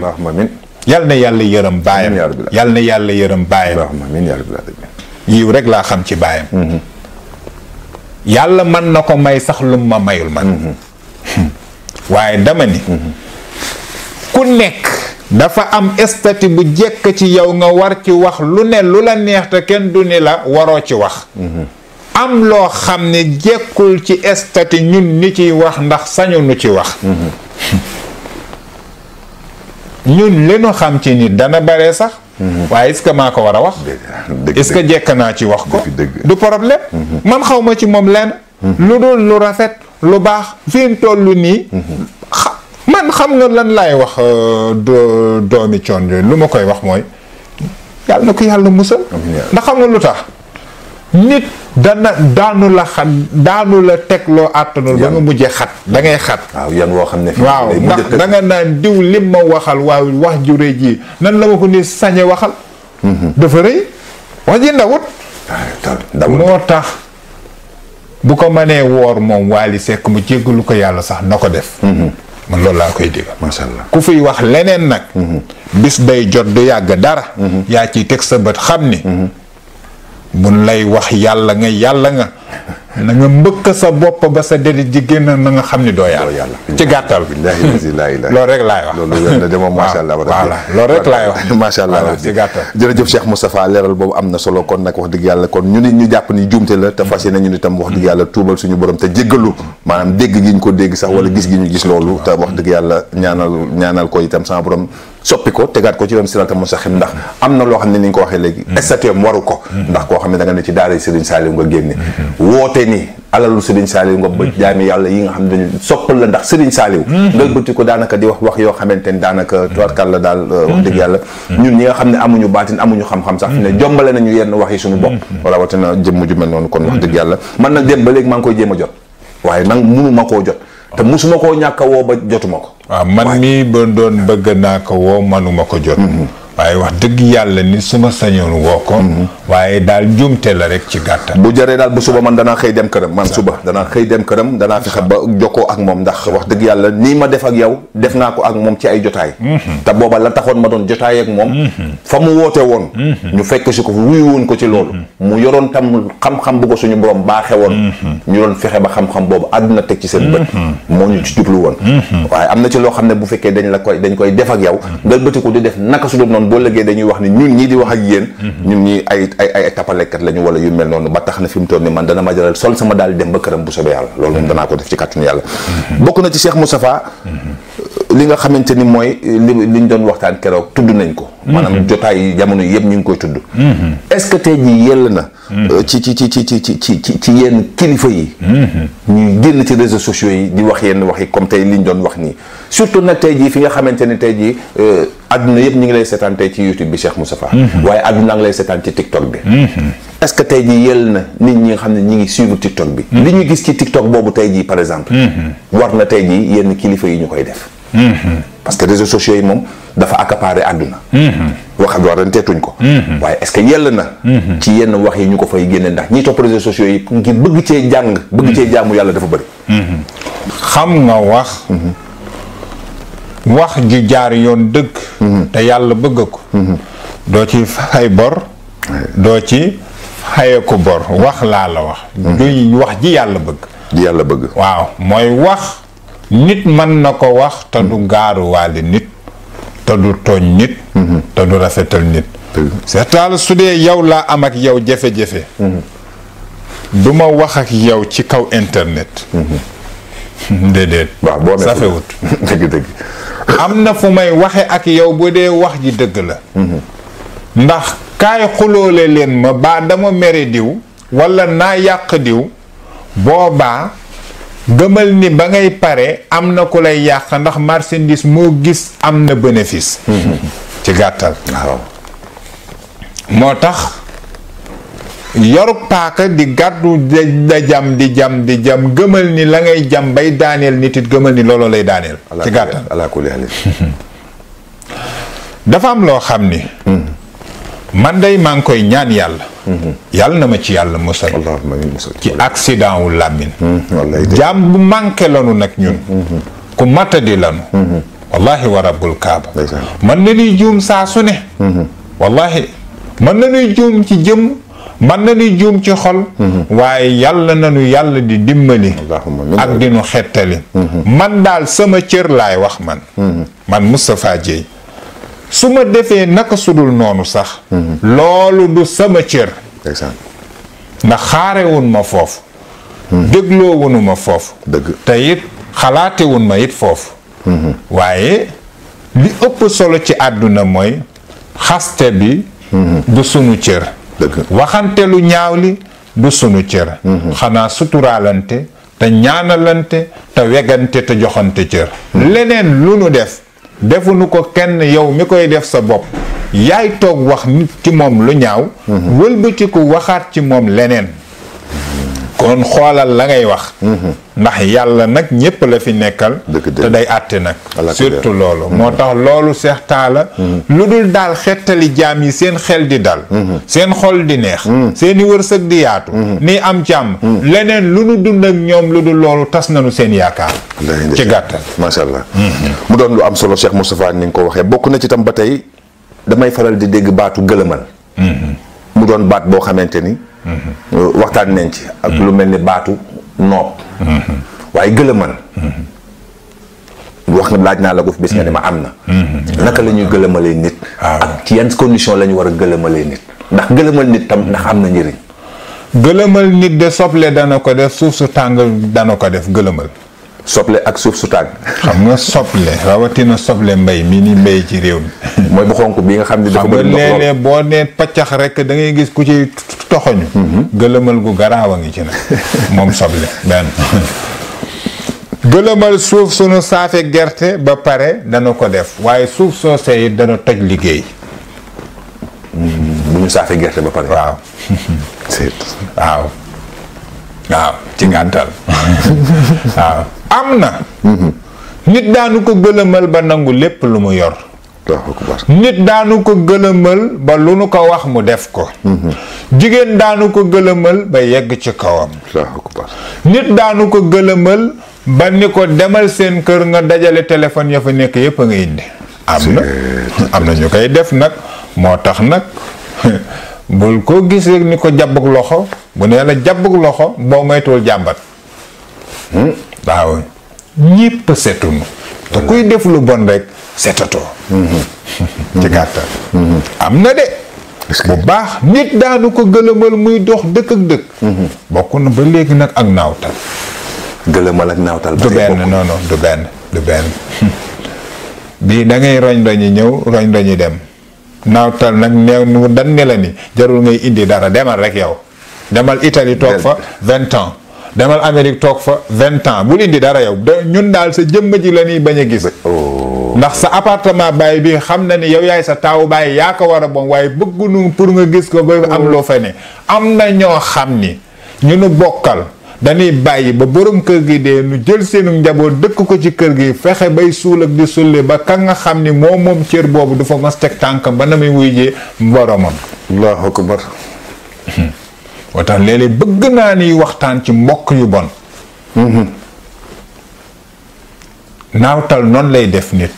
yal na yàlla yërëm baayam yal na yàlla yërëm baayam yiw rekk laa xam ci baayam mm-hmm. yàlla man na ko may sax lum ma mayul man mm-hmm. hmm. waaye dama ni mm-hmm. ku nekk dafa am statut bu jekk ci yow nga war ci wax lu ne lu la neex te kenn du ni la waroo ci wax am loo xam ne jekkul ci statut ñun ni ciy wax ndax sañu nu ci wax ñun lenoo xam ci nit dana bare sax waaye est-ce maa ko war a wax est-ce que jekk naa ci wax ko du problème mhm. man xaw ma ci moom lenn mhm. lu dul lu rafet lu baax fi mu toll nii mhm. man xam nga lan laay wax euh, doomi coon yooyu lu ma koy wax mooy yàlla na ko yàlla musal ndax xam nga lu tax nit dana daanu la xat daanu la tegloo àttanul ba nga mujjee xat dangay xat waaw yan woo xam ne waaw ndax da nga naan diw lim ma waxal waaw wax ju ji nan la ma ko ni sañe waxal mhm. dafa rëy wax ji ndawut ah, moo tax bu ko mënee woor moom Waly Seck mu jéggalu ko yàlla sax na ko def mhm. man loolu laa koy digal macha ku fiy wax leneen nag mhm. bis day jot du yàgg dara yaa ciy teg sa bët xam ni mun lay wax yàlla nga yàlla nga na nga mbëkk sa bopp ba sa déedéet ji na nga xam ni doo yàlla. ci gàttal. loolu rek laay wax. loolu wér na de moom a allah. voilà loolu rek laay wax. *laughs* macha allah ci a jërëjëf Cheikh Moustapha leeral boobu am na solo kon nag wax dëgg yàlla kon ñu ni ñu jàpp ni juumte la te fas yéene ñu itam wax dëgg yàlla tuubal suñu borom te jéggalu maanaam dégg gi ñu ko dégg sax wala gis gi ñu gis loolu te wax dëgg yàlla ñaanal ko itam sama borom soppi ko tegaat na loo xam ne ni nga ko waxee léegi mm-hmm. ko mm-hmm. ndax koo xam ne da nga ne fàtte ni alalul Serigne Saliou Ngom ba mm-hmm. jaami yàlla yi nga xam ne dañu soppal la ndax Serigne Saliou mm-hmm. ngal bëti ko daanaka di wax wax yoo xamante ni daanaka mm-hmm. tuwaatkat la daal euh, wax dëgg yàlla ñun ñi nga xam ne amuñu baatin amuñu xam-xam sax fi ne jombale nañu yenn wax yi suñu bopp wala wate na jëmm ju mel noonu kon wax dëgg yàlla man nag dem ba léegi maa ngi koy jéem a jot waaye nag munu ma koo jot te oh. musuma koo ñàkk a woo ba jotuma ko ah, man mii ba doon bëgg naa woo manuma ko waaye wax dëgg yàlla ni su ma sañoon woo ko mhm. waaye daal njuumte la rek ci gàttal bu jëree daal bu suba man danaa xëy dem këram man suba danaa xëy dem këram danaa fexe ba jokkoo ak moom ndax wax dëgg yàlla nii ma def ak yow def naa ko ak moom ci ay jotaay mhm. te booba la taxoon ma doon jotaay ak moom mhm. fa mu woote woon ñu fekk si ko wuyu woon ko ci loolu mu yoroon tam xam-xam bu ko suñu borom baaxe woon ñu doon fexe ba xam-xam boobu àdduna teg ci seen bët moo ñu ci jublu woon waaye am na ci loo xam ne bu fekkee dañ la koy dañ koy def boo lëggee dañuy wax ni ñun ñi di wax ak yéen mhm. ñun ñi ay ay ay tapalekat wala yu mel noonu ba tax na fi mu toll ni man dana ma jaral sol sama daal dem ba këram bu soobee yàlla loolu moom danaa ko def ci kàttanu mhm. bokk na ci Cheikh mhm. li nga xamante ni mooy li liñ doon waxtaan keroog tudd nañ ko maanaam jotaay jamono yëpp ñu ngi koy tudd est-ce que tey jii yell na euh, ci ci ci ci ci ci ci ci ci yenn kilifa yi ñuy génn ci réseaux sociaux yi di wax yenn wax yi comme tey liñ doon wax nii surtout nag tey ji fi nga xamante ne tey ji euh, adduna yëpp ñu ngi lay seetaan tey ci YouTube bi Cheikh Moustapha mhm. waaye adduna ngi lay seetaan ci TikTok bi mhm. est-ce que tey jii yël na nit ñi nga xam ne ñi ngi suivre TikTok bi mhm. li ñu gis ci TikTok boobu tey jii par exemple war na tey jii yenn kilifa yi ñu koy def parce que réseaux sociaux yi moom dafa accaparer àdduna wax ak war teetuñ ko waaye est-ce que yell na ci yenn wax yi ñu ko fay génne ndax ñi topp réseaux sociaux yi ngir bëgg cee jàng bëgg cee jaamu yàlla dafa bëri xam nga wax ju jaar yoon dëgg mhm. te yàlla bëgg ko mhm. doo ci fay bor doo ci xaye ko bor wax laa la wax juy mhm. wax ji yàlla bëgg yàlla bëgg waaw mooy wax nit mën na ko wax te du gaaruwaale nit te du tooñ nit te du rafetal nit seetal su dee yow laa am ak yow jafe-jafe du ma wax ak yow ci kaw internet *laughs* déedéet waaw boo safewut *laughs* am na fu may waxe ak yow bu dee wax ji dëgg la ndax kaay xuloole leen ma baa dama mere diw walla naa yàq diw boobaa gëmal ni ba ngay pare am na ku lay yàq ndax marchandise moo gis am na bénéfice mm-hmm. ci gàttal moo tax yorug paaka di gàddu da jam di jam di jam gëmal ni la ngay jam bay daaneel nit it gëmal ni looloo lay daaneel ci gàttal *laughs* dafa am loo xam ni hmm. man day maa ngi koy ñaan yàlla hmm. yàlla na ma ci yàlla musal ci accident wu làmmiñ hmm. jaam bu manqué lanu nag ñun ku matadi lanu wallahi wa rabbul kaaba na nuy juum saa su ne wallahi mën na nuy juum ci jëm man nañu juum ci xol mhm. waaye yàlla nañu yàlla di dimbali ak di nu xettali mhm. man daal sama cër laay wax man mhm. man Moustapha su ma defee naka sudul noonu sax loolu du sama cër ndax xaarewun ma foofu dégloo dégloowunu ma foofu dëgg te it ma it foofu waaye li ëpp solo ci àdduna mooy xaste bi du sunu cër waxante lu ñaaw li du sunu cër mhm. xanaa suturaalante te ñaanalante te wegante te joxante cër mhm. leneen lu nu def defuñu ko kenn yow mi koy def sa bopp yaay toog wax nit ci moom lu ñaaw mhm. wëlbatiku waxaat ci moom leneen kon xoolal la ngay wax mhm. ndax yàlla nag ñépp la fi nekkal te day àtte nag surtout loolu mhm. moo tax loolu seex taala mhm. lu dul daal xettali jaam yi seen xel di dal seen xol di neex seeni wërsëg di yaatu nii am jàmm leneen lu nu dund ak ñoom lu dul loolu tas na nañu seen yaakaar ci gàttal macha allah mu doon lu am solo Cheikh Moustapha ni nga ko waxee bokk na ci tam ba tey damay faral di dégg baatu gëlëmal mu doon baat boo xamante ni waxtaan nañ ci. ak lu mel ni baatu noob. waaye gëlëman. wax nga laaj naa la ko fi bis nga ne ma am na. naka la ñuy gëlëmalee nit. ak ci yan condition lañu war a gëlëmalee nit. ndax gëlëmal nit tam ndax am na njëriñ. gëlëmal nit de soble dana ko def suuf su tàng dana ko def gëlëmal. soble ak suuf su tàng. xam nga soble rawatina soble mbay mi ni mbay ci réew mi. mooy bu xonk bii nga xam ne dafa bëri ndox lool boo nee paccax rek dangay gis ku ci toxoñu. Mhm. gëlëmal gu garaaw a ngi ci nag *laughs* moom soble benn. gëlëmal suuf sunu saafe gerte ba pare dana ko def waaye suuf soo yi dana toj liggéey. Mm, bu ñu saafe gerte ba pare. waaw. *laughs* waaw ci ngàntal waaw am na nit daanu ko gëlëmal ba nangu lépp lu mu yor nit daanu ko gëlëmal ba lu nu ko wax mu def ko jigéen daanu ko gëlëmal ba yegg ci kawam nit daanu ko gëlëmal ba ni ko demal seen kër nga dajale téléphone ya fa nekk yépp a nga indi am na am na ñu koy def nag moo tax nag *laughs* bul ko gis rek ni ko jàbbug loxo bu nee la jàbbug loxo boo moytuwul jàmbat hmm? waaw ñépp setunu te hmm. kuy def lu bon rek setatoo hmm. ci gàttal am na de bu baax nit daanu ko gëlëmal muy dox dëkk ak dëkk bokk na ba léegi nag ak naawtal gëlëmal ak naawtal du benn non non du benn du *laughs* benn bii da ngay roñ roñi ñëw roñ roñi dem naawtal nag neew nu dan ne la ni jarul ngay indi dara demal rek yow demal Italie toog fa vingt ans demal Amérique toog fa vingt ans bul indi dara yow ñun daal sa jëmm ji la ñuy bañ a gis oh. ndax sa appartement baay bi xam na ni yow yaay sa taawu baay yaa ko war a bon waaye bëgguñu pour nga gis ko ba am loo fa ne am na ñoo xam ni ñu nu bokkal dañuy bàyyi ba borom kër gi dee nu jël seenu njaboot dëkk ko ci kër gi fexe bay suul ak di sulli ba ka nga xam ni moo moom cër boobu du fa mas teg tànkam ba na muy wuyjee boromam allahu akbar hmm. moo tax léeg bëgg naa ni waxtaan ci mbokk yu bon hmm. naawtal noonu lay def nit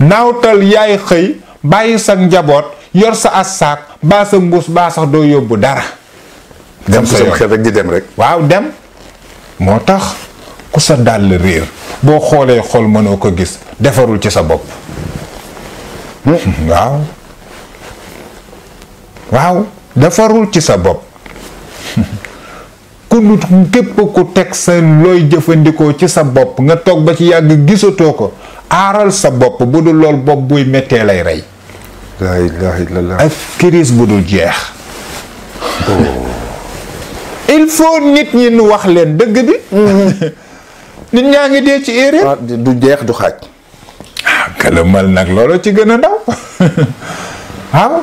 naawtal yaay xëy bàyyi sa njaboot yor sa as saak baa sa mbuus baa sax doo yóbbu dara dem sa yoon xel dem rek waaw dem moo tax ku sa dàll réer boo xoolee xol mënoo ko gis defarul ci sa bopp waaw waaw defarul ci sa bopp ku dut ku teg sa looy jëfandikoo ci sa bopp nga toog ba ci yàgg gisatoo ko aaral sa bopp bu dul lool bopp buy mettee lay rey la ak crise bu dul jeex oh. il faut nit ñi nu wax leen dëgg bi. Mm-hmm. nit ñaa ngi dee ci erreur. Ah, du jeex du xaaj. kalamal ah, nag loolu ci gën a ndaw waaw. *laughs* Ah.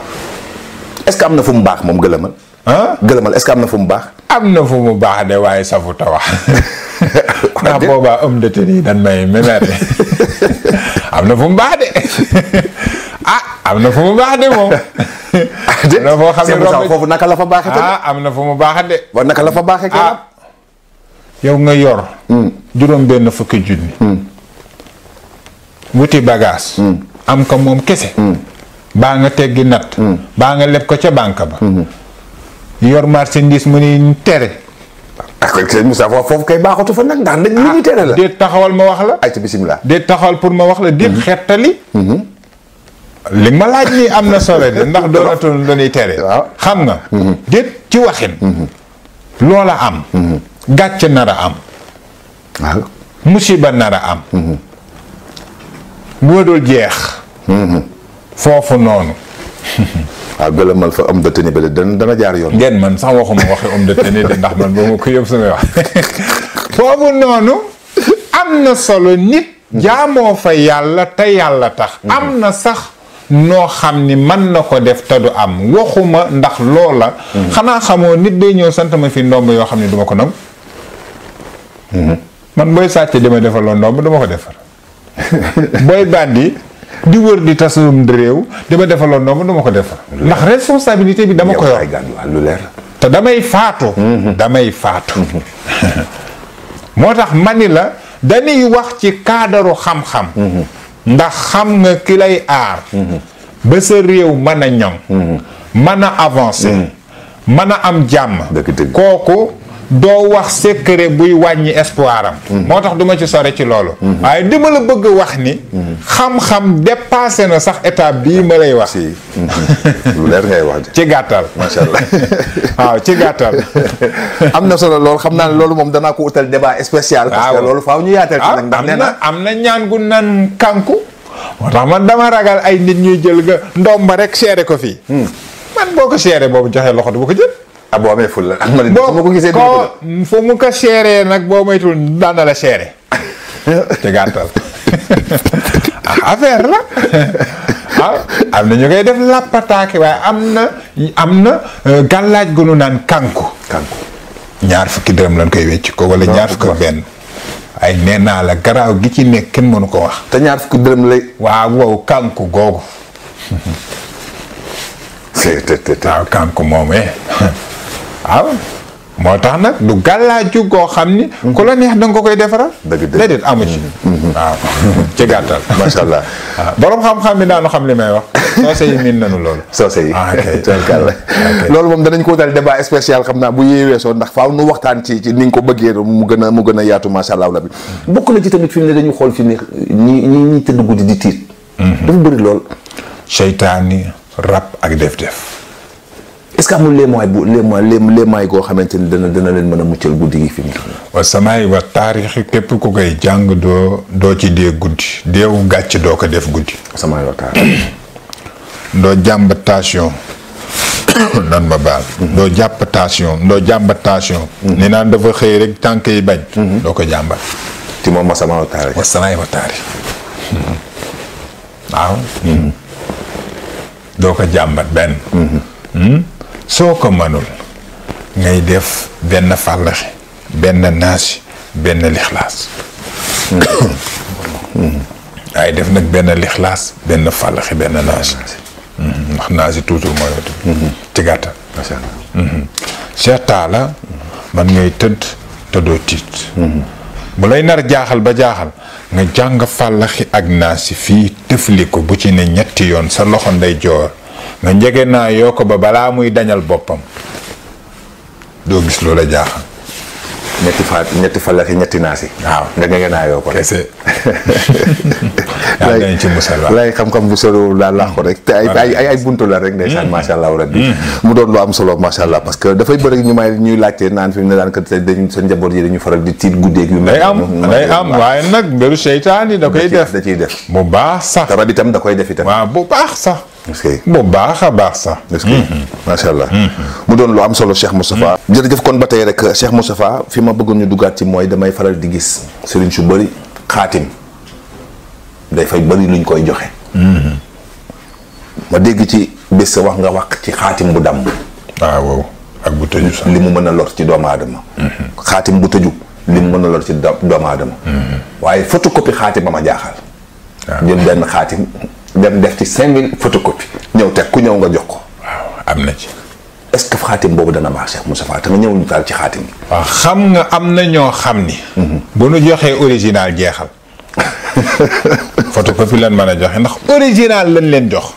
est am na fu mu baax moom gëlëmal. ah gëlëmal est am na fu mu baax. am na fu mu baax de waaye safu tawax. *laughs* ndax boobaa homme de tenue yi dañ may mémère *laughs* am na fu mu baax de. ah am na fu mu baax de moom. *laughs* am na foo xam ne foofu naka la fa baaxee ah am na fu mu baax de. wa naka la fa baaxee ah nga yor. Hmm. juróom fukki junni. Hmm. wuti hmm. ko moom kese. nga teggi natt. baa nga leb ko ca banque ba. yor marchandise mu ni tere. ak ah, sëñ Moussa foofu kay baaxatu fa nag ndax nag ah, li ñu tere la. déet taxawal ma wax la. ayca bisimilah. déet taxawal pour ma wax la. déet xettali. li ma laaj nii am na solo de ndax doonatul dañuy tere. xam nga. Mm-hmm. déet ci waxin. Mm-hmm. loola am. Mm-hmm. gàcce nar am. waaw musiba nara am. boo dul jeex. foofu noonu. *laughs* waaw gëlëmal fa homme de jaar yoon. ngeen man sax waxuma de ndax man boo ma ko yëpp samay wax *laughs* foofu noonu am na solo nit. jaamoo fa yàlla te yàlla tax. am na sax. noo xam ni man na ko def te du am waxuma ndax loola. Hmm. xanaa xamoo nit day ñëw sant ma fi ndomb yoo xam ne du ko nangu. Hmm. man booy sàcc di ma defaloo ndomb du ma ko defar *laughs* booy bandi di wër di tasum réew di ma ko defar. ndax responsabilité bi dama ko yor lu leer te damay faatu. Hmm. damay faatu. *laughs* moo tax ni la dañuy wax ci kaadaru xam-xam. ndax xam nga kilay lay aar mhm. ba sa réew mën a ñoŋ mhm. mën a avancer mhm. mën a am jàmm kooku doo wax secret buy wàññi espoir mhm. moo tax duma ma ci sore ci loolu mhm. waaye di ma la bëgg wax ni mhm. xam-xam dépassé na sax étape bii ma lay wax lu leer ngay wax ci gàttal macha allah *laughs* waaw ci gàttal *laughs* am na solo loolu xam naa ne loolu moom danaa ko utal débat spécial parce que loolu faaw ñu yaatal ci ah, ndax nee na am na ñaan gu nan kànku moo tax man dama ragal ay nit ñuy jël nga ndomba rek seere ko fii hmm. man boo ko seere boobu joxee loxo du ko jël ah boo amee ful la ak ko gisee. dégg mu ko seeree nag boo moytul daan na seere *laughs* te gàttal ah la ah, am na ñu koy def làppataake waaye am na am na euh, gàllaaj gu naan kànku. kànku ñaar fukki dërëm lañ koy wecc ko wala ñaar fukki benn. ay nee la garaaw gi ci nekk kenn mënu ko wax. te ñaar fukki dërëm lay. waaw wow kànku googu. *laughs* te te waaw kànku moomee. *laughs* waaw moo tax nag du gàllaaju goo xam ni. ku la neex danga ko koy defaral. dëgg dëgg déedéet amu ci. Mm-hmm. Mm-hmm. waaw *laughs* gàttal. macha allah *laughs* borom xam-xam bi daanu xam li may wax. soose yi miin nañu loolu. *laughs* soose yi ah, loolu moom danañ ko wutal débat spécial xam naa bu yeewee soo ndax faaw nu waxtaan ci ci ni nga ko bëggee mu gën a mu gën a yaatu macha allah la bi. Mm-hmm. bokk na ci tamit fi ne dañu xool fi ni ñi ñi ñi tëdd guddi di tiit. dafa bëri lool. seytaani rab ak def-def. est-ce que amul léemaay bu léemaay xamante ni dana dana leen mën a muccal guddi gi fi mu wa samaay wa taarix képp ku koy jàng doo doo ci dee guddi deewu gàcc doo ko def guddi samaay wa taarix *coughs* doo jàmb tension *coughs* nan ma baal mm-hmm. doo jàpp tension doo jàmb tension mm-hmm. nee naan dafa xëy rek tànk yi bañ mm-hmm. doo ko jàmbat ci moom wasamaay wa taarix wasamaay waaw doo ko jàmbat benn hmm? soo ko mënul ngay def benn fàllaxi benn naasi benn lixlaas waaye def nag benn lixlaas benn fàllaxi benn naasi ndax naasi toujours mooy watu ci gàttal macha allah man ngay tëdd te tiit bu lay nar jaaxal ba jaaxal nga jàng fàllaxi ak naasi fii tëfli bu ci ne ñetti yoon sa loxo nday joor nga njege naa yoo ko ba balaa muy dañal boppam doo gis a jaaxal ñetti fa ñetti falaxi ñetti naas yi waaw nga njege naa yoo ko kese *laughs* yaa dañ ci xam-xam bu solo daal laax ko rek te ay ay ay buntu la rek ndeysaan mm-hmm. macha allah rabbi mm-hmm. mu doon lu am solo macha allah parce que dafay bëri ñu may ñuy laajte naan fi mu ne daan ko dañ njaboot yi dañu faral di tiit guddeeg yu mel day am day am waaye nag mbiru seytaan yi da koy def da ciy def bu baax sax rab itam da koy def itam waaw bu baax sax bu baax a baax sax. est mm-hmm. macha allah. Mm-hmm. mu doon lu am solo Cheikh Moustapha. Mm-hmm. jërëjëf kon ba tey rek Cheikh Moustapha fi ma bëggoon ñu duggaat ci mooy damay faral di gis sëriñ su bari xaatim day fay bëri luñ koy joxe. ma dégg ci bés sa wax nga wax ci xaatim bu damm. Ah, waaw ak bu tëju li mu mën a lor ci doomu aadama. xaatim bu tëju li mu mën a lor ci doomu aadama. waaye photocopie xaatim ba ma jaaxal. Ah. jël benn xaatim dem def ci 5000 photocopie ñëw teg ku ñëw nga jox ko. waaw am na ci. est ce que xaatim boobu dana marché Cheikh Moustapha te nga ñëw ñu taal ci xaatim waa xam nga am na ñoo xam ni. Mhm. bu nu joxee original jeexal. *laughs* photocopie lan mën a joxe ndax original lañ leen jox.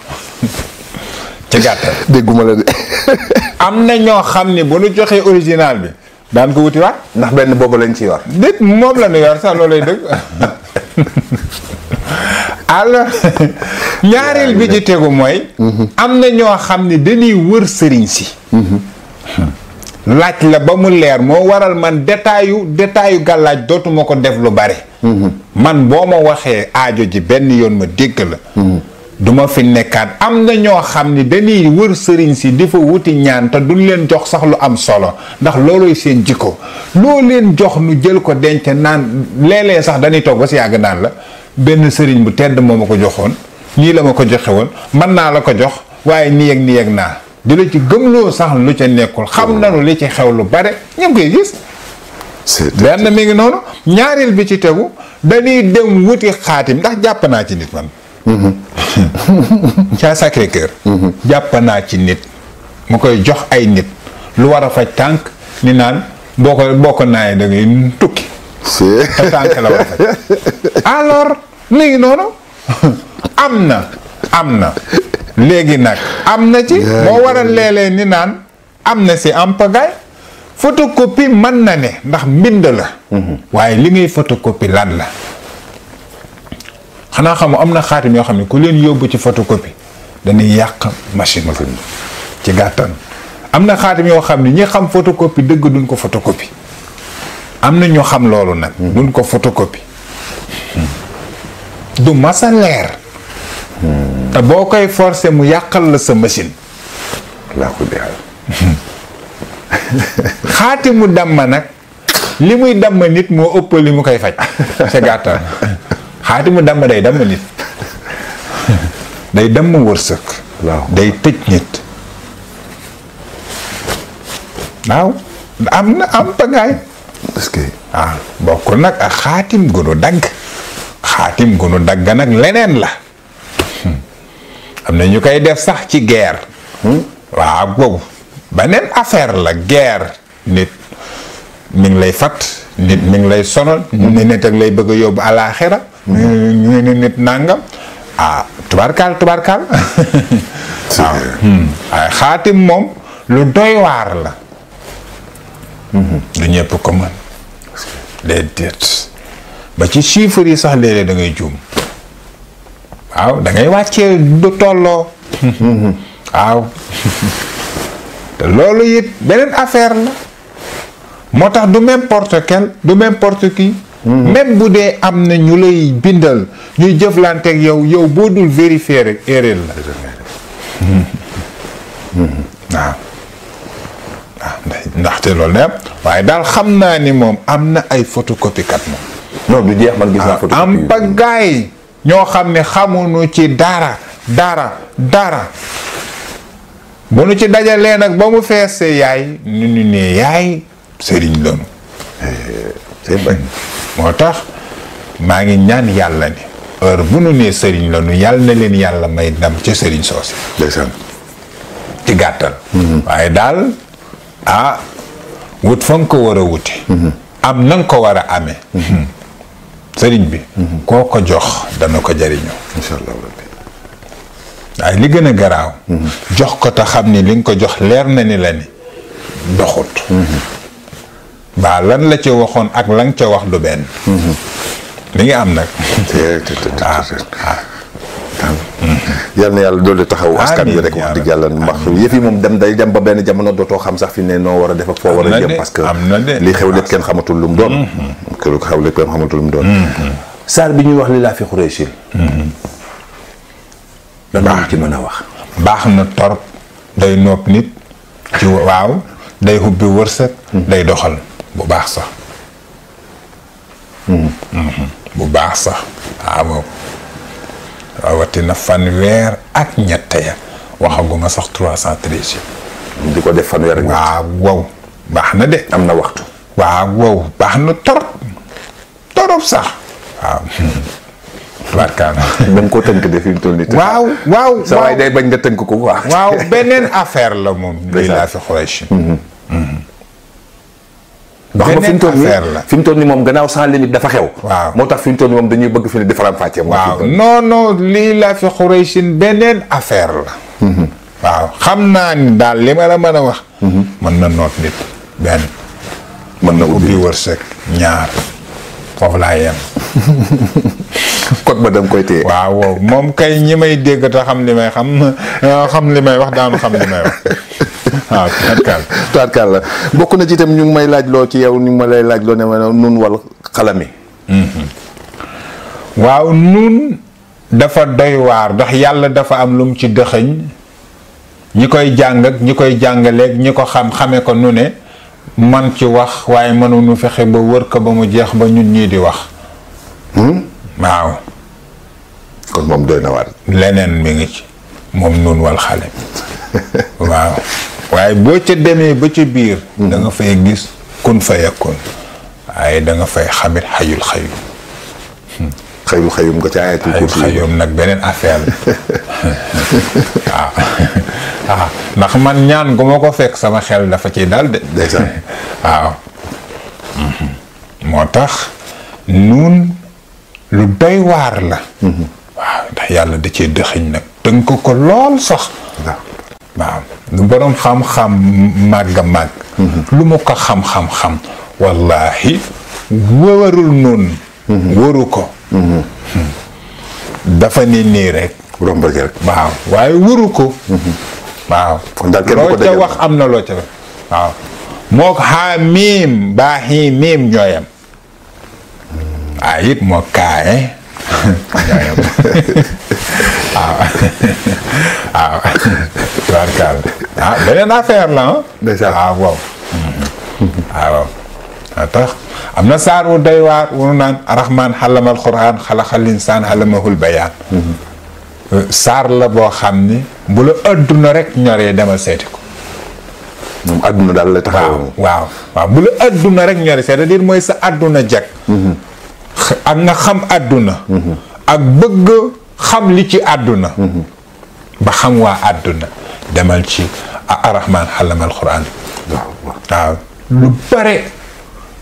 ci gàttal dégguma la de. am na ñoo xam ni bu nu joxee original bi. daan ko wuti waat. ndax benn boobu lañ ci yor. déet moom la ñu yor sax loolay dëgg. *laughs* alors ñaareel bi ci tegu mooy am na ñoo xam ne dañuy wër sëriñ si laaj la ba mu leer moo waral man detaayu detaayu gàllaaj dootuma ko def lu bare man boo ma waxee aajo ji benn yoon ma dégg la duma fi nekkaat am na ñoo xam ni dañuy wër sëriñ si di fa wuti ñaan te duñ leen jox sax lu am solo ndax looloy seen jikko loo leen jox nu jël ko denc naan léeg-léeg sax dañuy toog ba si yàgg naan la benn sëriñ bu tedd moo ma ko joxoon nii la ma ko joxe woon mën naa la ko jox waaye ni ak nii ak naa di la ci gëmloo sax lu ci nekkul xam nanu li ci xew lu bare ñu ngi koy gis benn mi ngi noonu ñaareel bi ci tegu dañuy dem wuti xaatim ndax jàpp naa ci nit man mm-hmm. *laughs* ca Sacré Cœur mm-hmm. jàpp naa ci nit mu koy jox ay nit lu war a faj tànk ni naan boo ko boo ko naayee da ngay tukki si tànk la war noonu am na am na léegi nag am na ci moo waral léeg-léeg ni naan am na si en pagaille photocopie mën na ne ndax mbind la mhm. waaye li ngay photocopie lan la xanaa xamu am na xaatim yoo xam ne ku leen yóbbu ci photocopie dañuy yàq machine ci gàttan am na xaatim yoo xam ne ñi xam photocopie dëgg duñ ko photocopie am na ñu xam loolu nag. mun mm-hmm. ko photocopie. Mm-hmm. du masa mm-hmm. te boo koy forcer mu yàqal la sa machine. *laughs* xaati mu damma nag li muy damma nit moo ëpp li mu koy faj ca gàttal xaati mu damma day damma nit day damma wërsëg day tëj nit waaw am am pagaay est que ah, bokk nag ak xaatim gunu dagg xaatim gunu dagg nag leneen la hmm. am na ñu koy def sax ci guerre hmm? waaw boobu beneen affaire la guerre nit mi ngi lay fat nit mi ngi lay sonal hmm. ne nit ak lay bëgg yóbbu alaaxira ñu nit nàngam ah tubarkaal tubarkaal *laughs* ah. Ah, xaatim moom lu doy la Mhm. du ñëpp ko man ba ci chiffres yi sax léeg dangay da ngay juum waaw da wàccee du tolloo mhm. waaw te loolu it beneen affaire la moo tax du n'importe quel du porte qui mhm. même bu dee am na ñu lay bindal ñuy jëflanteeg yow yow boo dul vérifier rek erreur la waaw Ah, ndaxte lool ne waaye daal xam naa ni moom am na ay photocopie kat moom. non du jeex man am ah, pagaay ñoo xam ne xamuñu ci dara dara dara bu nu ci dajalee nag ba mu feesee yaay nu ñu nee yaay sëriñ lanu eh, moo tax maa ngi ñaan yàlla ni heure bu nu nee sëriñ lanu yàlla na leen yàlla may ndam ca sëriñ soose. ci gàttal. Mm-hmm. waaye daal. ah wut fa nga ko war a wute am na nga ko war a amee sëriñ bi koo ko jox dana ko jariñoo insha allah waaye li gën a garaaw jox ko te xam ni li nga ko jox leer na ni la ni doxut baa lan la ca waxoon ak lan ca wax du benn mhm. li nga am nag *laughs* ah, ah. yal na yàlla doole taxaw askan bi rek wax dëgg yàlla ndax yëf yi moom dem day dem ba benn jamono dootoo xam sax fi ne noo war a def foo war a jëm parce que li xew lépp kenn xamatul lu mu doon mm-hmm. kër ko xamatul lu mu doon mm-hmm. saar bi ñuy wax li laa fi xureesil mm-hmm. danañ ci mën a wax baax na torop day nopp nit ci waaw day hubbi wërsëg day doxal bu baax sax bu baax sax waaw rawatina fanweer ak ñett ya waxaguma sax trois cent di ko def waaw wow baax na de am na waxtu waaw wow baax na torop torop sax waaw *laughs* barkaan da nga ko tënk de fi mu toll nii waaw waaw sa waay day bañ nga tënk ko waaw *laughs* beneen affaire la moom lii laa fi xoolee beneen fi mu toll fi mu toll nii moom gannaaw sans limite dafa xew. waaw moo tax fi mu toll nii moom dañuy bëgg fi ne di faram-fàccee. waaw non non lii laa fi xuraysin beneen affaire la. Mm-hmm. waaw xam naa ni daal li ma la mën a wax. Mm-hmm. mën na noot nit benn. mën na ubbi wërsëg ñaar. foofu laa yem. kon ma dama koy téye. waaw moom kay ñi may dégg xam li may xam euh, xam li may wax daanu xam li may wax *laughs* waaw tubaarkaal. tubaarkaal la bokk na ci ñu may laaj loo ci yow ñu ma lay laaj loo ne ma nun wal xalami. Mhm. waaw nun dafa doy waar ndax yàlla dafa am lu mu ci dëxëñ ñi koy jàng ak ñi koy jàngaleeg ñi ko xam xame ko nu ne. man ci wax waaye mënuñu fexe ba wër ko ba mu jeex ba ñun ñii di wax hmm? waaw kon moom doy na waar leneen mi ngi ci moom nun wal xale waaw waaye boo ca demee ba ca biir hmm. danga fay gis kun fayakun waaye danga fay xamit xayul xayul xëyum xëyum nga ca ayatul kursi nag beneen affaire la waaw *laughs* ah. ah. ndax man ñaan gu ma ko fekk sama xel dafa ci daal de. *laughs* waaw. moo tax nuun lu doy waar la. Mhm. waaw ndax yàlla da cee dëxiñ nag tënk ko lool sax. waaw lu boroom xam-xam màgg màgg. Mhm. lu mu ko xam-xam-xam. wallaahi wëwarul noonu. Mhm. wëru ko. Mhm. dafa ne nii rek. rombal waaw waaye wuru ko. Mhm. waaw loo ca wax am na loo ca waaw mook xaa baa xii ñooyam ay it moo kaaye eh? *laughs* ñooyam *laughs* waaw *laughs* waaw tubaarkaal ah beneen affaire la ah. ah waaw. Mhm. Ah, a ah, tax am na saar wu doy waar wunu naan arahman xalamal quraan xalaxal insaan xalamahul bayaan mm-hmm. eh, saar la boo xam ni bu la adduna rek ñoree demal seeti ko moom adduna daal la taxawoo rek ñoree c'est-à-dire mooy sa adduna jag mm-hmm. ak nga xam adduna mm-hmm. ak bëgg xam li ci adduna ba xam waa adduna demal ci arahman ah, xalamal quraan waaw lu bare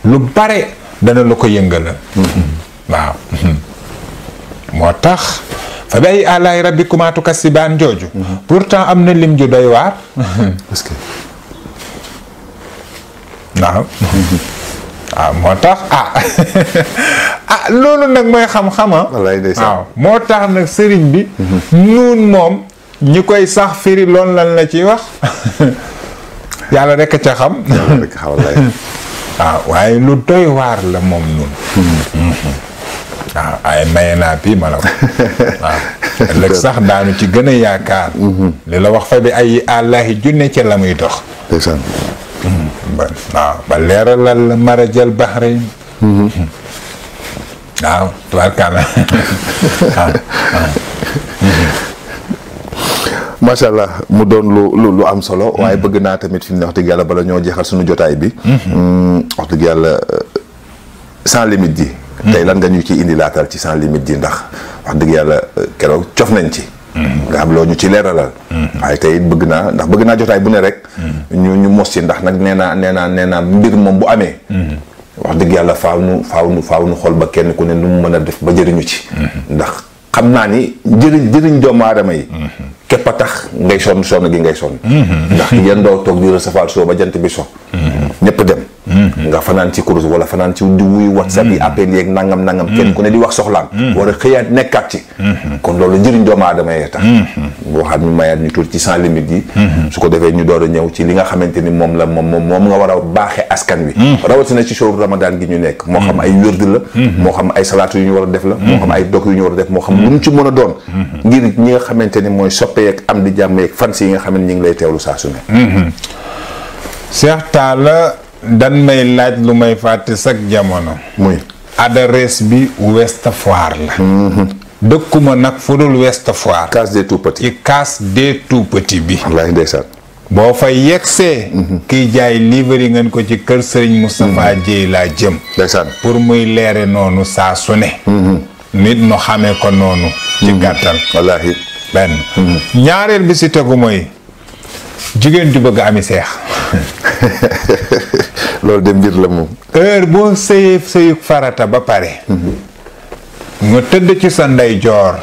lu bare dana lu ko yëngala waaw moo tax fa bi ay àllaay rabbikumaa tukazzibaan jooju pourtant am na lim ju doy waar waaw moo tax a ah. *laughs* ah loolu nag mooy xam-xama ah. waaw moo tax nag sëriñ bi nuun moom ñi koy sax firi loolu lan la ci wax *laughs* yàlla rekk ca xam *laughs* waaw ah, waaye lu doy waar la moom nun waaw hmm. hmm. ah, ay maye naa pii ma la ko waaw ah, ëllëg sax daanu ci gën a yaakaar hmm. li la wax fa bi ay àllaahi junne ca la muy dox ba waaw ba leeralal marajal bahrain waaw tubaarkàlla waaw *laughs* macha allah mu doon lu lu am solo. Mm-hmm. waaye bëgg naa tamit fi mu ne wax dëgg yàlla bala ñoo jeexal suñu jotaay bi. Mm-hmm. Mm, wax dëgg yàlla euh, sans limite ji. Mm-hmm. tey lan nga ñu ci indi laatal ci sans limite ji ndax wax dëgg yàlla euh, keroog cof nañ ci. nga xam loo ñu ci leeralal. waaye tey bëgg naa ndax bëgg naa jotaay bu ne rek. ñu ñu mos ci ndax nag nee naa nee naa nee naa mbir moom bu amee. wax dëgg yàlla faaw nu faaw nu faaw nu xool ba kenn ku ne nu mu mën a def ba jëriñu ci. ndax xam naa ni jëriñ jëriñ doomu aadama yi. képp a tax ngay sonn sonn gi ngay sonn. Mm-hmm. ndax yéen doo toog di recevoir soo ba jant bi so. Mm-hmm. ñëpp dem. nga fanaan ci kurus wala fanaan ci di wuyu whatsapp yi mm. appel yeeg nangam nangam mm. kenn ku ne di wax soxlaam mm. war a xëyaat nekkaat ci mm-hmm. kon loolu njëriñ doomu aadama yee tax mm-hmm. boo xam ñu mayaat ñu tuuti ci sans limite yi mm-hmm. su ko ñu door a ñëw ci li nga xamante ni moom la moom moom nga war a baaxee askan wi rawatina ci showru ramadan gi ñu nekk moo xam ay wérd la moo xam ay salaatu yu ñu war a def la moo xam ay dog yu ñu war a def moo xam lu mu ci mën a doon ngir ñi nga xamante ni mooy soppe yeeg am di jàmm yeeg fans yi nga xam ne ñi ngi lay teewlu saa su dan may laaj lu may fàtte chaque jamono. muy adresse bi Ouest Foire la. Mm-hmm. dëkkuma nag fu dul Ouest Foire. case kaas tout petits. ci bi. wallaahi boo fa yegsee. Mm-hmm. kiy jaay livre yi ngeen ko ci kër Serigne Moustapha mm-hmm. Dieye laa jëm. ndeysaan pour muy leere noonu saa su nit ñu xamee ko noonu. ci gàttal. benn. ñaareel bi si tegu mooy. jigéen ju bëgg ami seex *laughs* loolu de mbir la moom heure boo sëyee sëyug farata ba pare mhm. nga tëdd ci sa ndeyjoor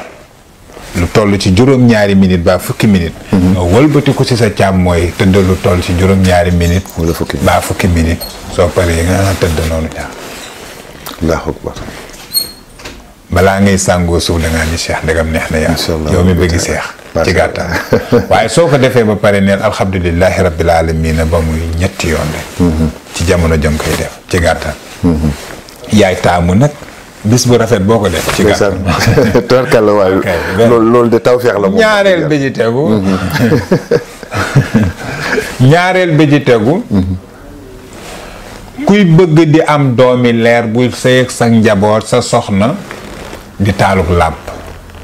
lu toll ci juróom-ñaari minute ba fukki minute mhm. nga wëlbatiku ci sa mooy tëdd lu toll ci juróom-ñaari minute wala fukki ba fukki minute soo paree nga tëdd noonu ñaar balaa ngay sàngoo suuf da ngaa ni seex ndegam neex na yaa yow mi seex ci gàttal waaye soo ko defee ba pare neen alhamdulilahi rabbil alamina ba muy ñetti yoon rek mhm. ci jamono jëm koy def ci gàttal mhm. yaay taamu nag bis bu rafet boo ko def ci gàttal *laughs* torkal loolu loolu de taw feex la moom ñaareel bi tegu mhm. *laughs* *laughs* ñaareel bi tegu kuy bëgg di am doomi leer bu sëy ak sa njaboot sa soxna di taaluk làmp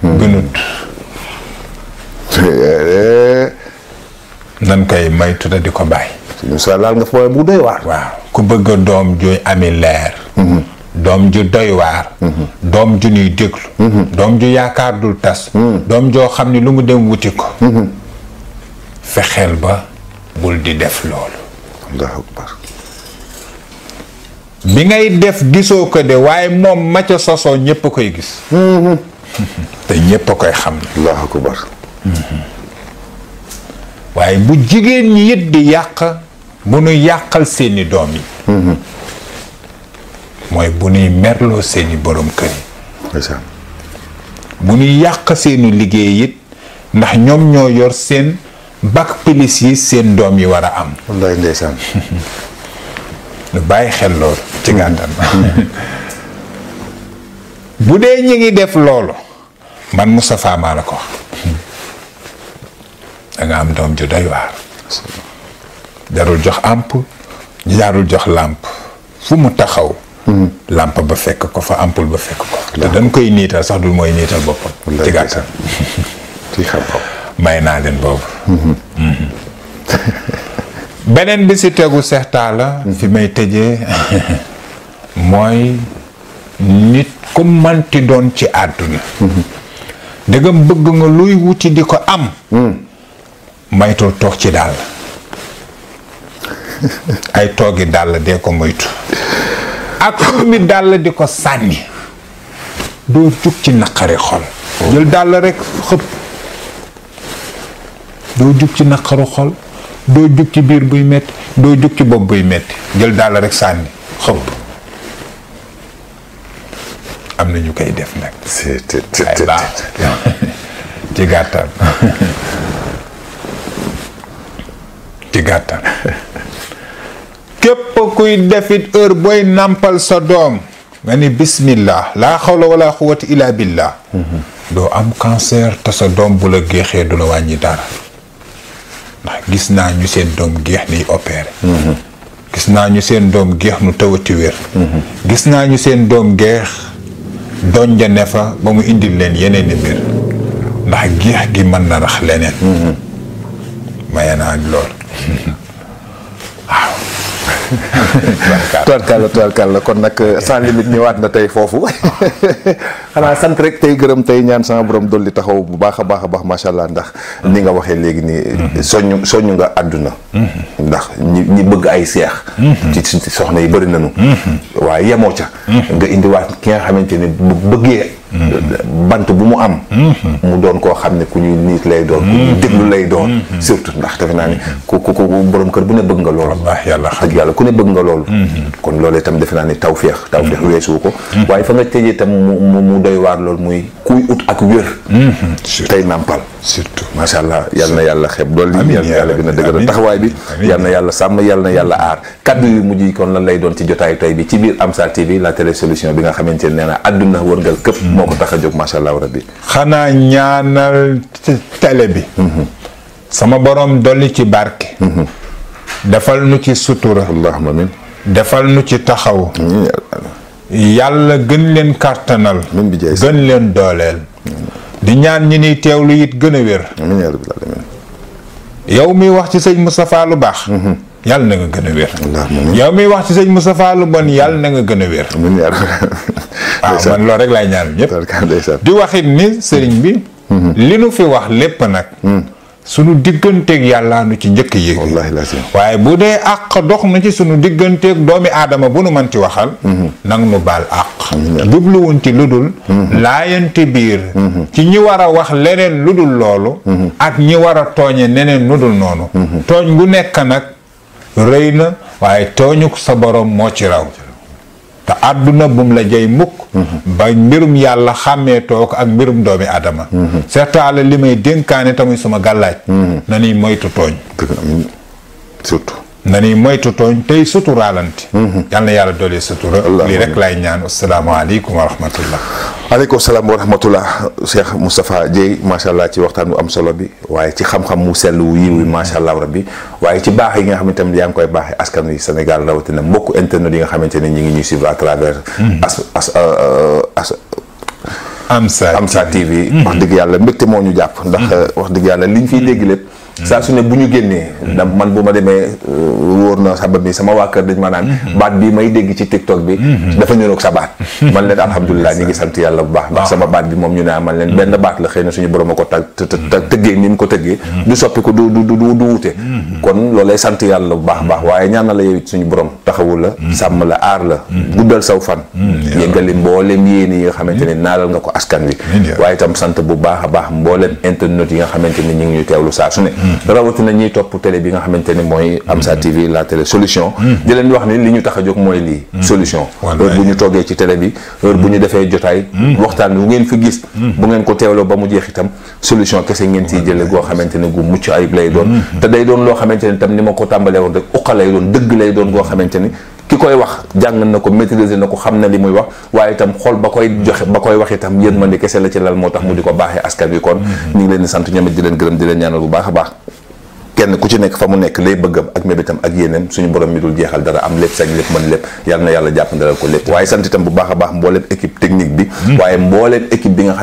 gënut eh. nan koy maytu te di ko bàyyi suñu sa bu doy waar waaw ku bëgg doom juy ami leer mm-hmm. doom ju doy waar mm-hmm. doom ju ñuy déglu mm-hmm. doom ju yaakaar dul tas doom joo xam ni lu mu dem wuti ko fexeel ba bul di def loolu bi ngay def gisoo ko de waaye moom ma ca sosoo ñëpp a koy gis. Mm-hmm. *laughs* te ñëpp a koy xam. allahu akbar. Mm-hmm. waaye bu jigéen ñi di yàq bu nu yàqal seeni doom yi. Mm-hmm. mooy bu nuy merloo seeni borom kër bu nuy yàq seenu liggéey it ndax ñoom ñoo yor seen bac police yi seen doom yi war a am. *laughs* nu bàyyi xel loolu ci gàttal bu dee ñu ngi def loolu man Moustapha maa la ko danga am doom ju doy waar jarul jox amp jarul jox làmp fu mu taxaw làmp ba fekk ko fa ampul ba fekk ko te dañ koy niital sax du mooy niital boppam ci gàttal ci xam may naa leen boobu mhm. Mhm. beneen bi si tegu seextaa la fi may tëjee *laughs* mooy nit ku manti doon ci àdduna dëggam bëgg nga luy wuti di ko am hmm. maytul toog ci dàll *laughs* ay toogi dàll dee ko moytu ak mi dàll di ko sànni doo jug ci naqari xol oh. jël dàll rekk xëpp doo jug ci naqaru xol doo jug ci biir buy metti doo jug ci bopp buy metti jël daal rek sànni xëpp am na ñu koy def nag ay baax *laughs* ci gàttal ci gàttal kuy defit heure booy nàmpal sa doom nga ni bismillah laa xawla wala quwwata illa billah mm-hmm. doo am cancer te sa doom bu la géexee du la wàññi dara ndax gis naa ñu seen doom geex niy opéré gis naa ñu seen doom geex nu tawati gis naa ñu seen doom geex donja ne fa ba mu indi leen yeneen mbir ndax geex gi mën na rax leneen maye naa lool *laughs* waaw tubarkalla tubarkalla kon nag euh, sans limite ñëwaat na tey foofu *laughs* xanaa sant rek tey gërëm tey ñaan sama dool dolli taxaw bu baax a baax a baax macha allah ndax ni nga waxee léegi nii soññ soññ nga àdduna ndax ñi ñi bëgg ay seex ci soxna yi bëri nañu waaye yemoo ca nga indiwaat ki nga xamante ne bu bëggee bant bu mu am mu doon koo xam ne ku ñu niit lay doon ku ñuy déglu lay doon surtout ndax defe naa ni ku ku ku borom kër bu ne bëgg nga loolu yàlla xaj yàlla ku ne bëgg nga loolu mm-hmm. kon loolu tam defe naa ni taw feex taw feex doy waar loolu muy kuy ut ak wér. Mhm. tey nàmpal. surtout macha allah yal na yàlla xeeb dool yi yal na yàlla gën a dëgëral taxawaay bi yal na yàlla sàmm yal yàlla aar kaddu yu mujj yi kon lan lay doon ci jotaayu tey bi ci biir am Amsar TV la télé solution bi nga xamante ne nee na àdduna wërngal këpp mhm. moo ko tax a jóg macha allah rabbi xanaa ñaanal télé bi mhm. sama borom dolli ci barke defal nu ci sutura allahumma amin defal nu ci taxaw yàlla gën leen kàttanal gën leen dooleel di ñaan ñi niy teewlu it gën a wér yow miy wax ci sëñ Moustapha lu baax mhm. yàlla na nga gën a wér yow miy wax ci sëñ Moustapha lu bon yàlla na nga gën a wér waaw *laughs* ah, man loolu rek laay ñaan ñëpp di waxit ni sëriñ bi mhm. li nu fi wax lépp nag mhm. sunu digganteeg yàlla nu ci njëkk yéeg waaye bu dee àq dox na ci sunu digganteeg doomi aadama bu nu mën ci waxal mhm. nang nu baal àq jubluwuñ ci lu dul mhm. laayante biir mhm. ci ñi war a wax leneen lu dul loolu ak ñi war a tooñe neneen lu dul noonu tooñ gu nekk nag rëy na waaye tooñuk sa borom moo ci raw te àdduna bum la jey mukk mm-hmm. ba mbirum yàlla xàmmee toog ak mbirum doomi adama mm-hmm. seetaale li may dénkaane tamuy suma gàllaaj mm-hmm. na nuy moytu tooñ nañuy moytu tooñ tey suturaalante. Mhm. yal na yàlla doole sutura. lii rek laay ñaan asalaamaaleykum wa rahmatullah. aleykum salaam wa rahmatullah Cheikh Moustapha Dieye macha allah ci waxtaan wu am solo bi waaye ci xam mu sell wu yiw macha allah rabbi waaye ci baax yi nga xam ne tamit yaa ngi koy baaxee askan wi Sénégal rawatina bokk internet yi nga xamante ne ñu ngi ñuy suivre à travers. Mhm. as as euh, euh, Amsa TV wax dëgg yàlla mbégte moo ñu jàpp. ndax mhm. euh, wax dëgg yàlla liñ fiy dégg lépp. saa su ne bu ñu génnee. da man bu ma demee euh, wóor na sabab bi sama waa kër dañ ma naan. Mhm. baat bi may dégg ci TikTok bi. Mhm. dafa ñëw ak sa baat. Mhm. man leen alhamdulilah ñu ngi sant yàlla bu baax. ndax sama baat bi moom ñu ne man leen benn baat la xëy na suñu borom tag te ni mu ko tëggee. du soppi ko du du du du wute. kon loolay sant yàlla bu baax baax waaye ñaan na la yow suñu borom taxawu la. sàmm la aar la. guddal saw fan. yëggali mboolem yéen yi nga xamante ne naalal nga ko askan wi. waaye itam sant bu baax a baax mboolem internet yi nga xamante ne ñu ngi ñu teewlu saa su ne Mm. rawatina ñiy topp tele bi nga xamante ni mooy Amsa mm. TV la télé solution mm. di leen wax ni li ñu tax a jóg mooy lii solution heure bu ñu toggee ci tele bi heure bu ñu defee jotaay waxtaan bu ngeen fi gis bu ngeen ko teewloo ba mu jeex itam solution kese ngeen ciy jële goo xamante ne gu mucc ayib lay doon te day doon loo xamante ni tam ni ma ko tàmbalee woon rek uqa lay doon dëgg lay doon goo xamante ni ki koy wax jàng na ko maîtriser na ko xam na li muy wax waaye itam xol ba koy joxe ba koy wax itam yërmande kese la ci lal moo tax mu di ko baaxee askan wi kon mm-hmm. ñu ngi leen di sant ñoom it di leen gërëm di leen ñaanal bu baax a baax kenn ku ci nekk fa mu nekk lay bëggam ak mébétam ak yéeneem suñu borom mi dul jeexal dara am lépp sañ lépp mën lépp yal na yàlla jàppandalal ko lépp waaye sant itam bu baax a baax mbooleem équipe technique bi hmm. waaye mbooleem équipe bi nga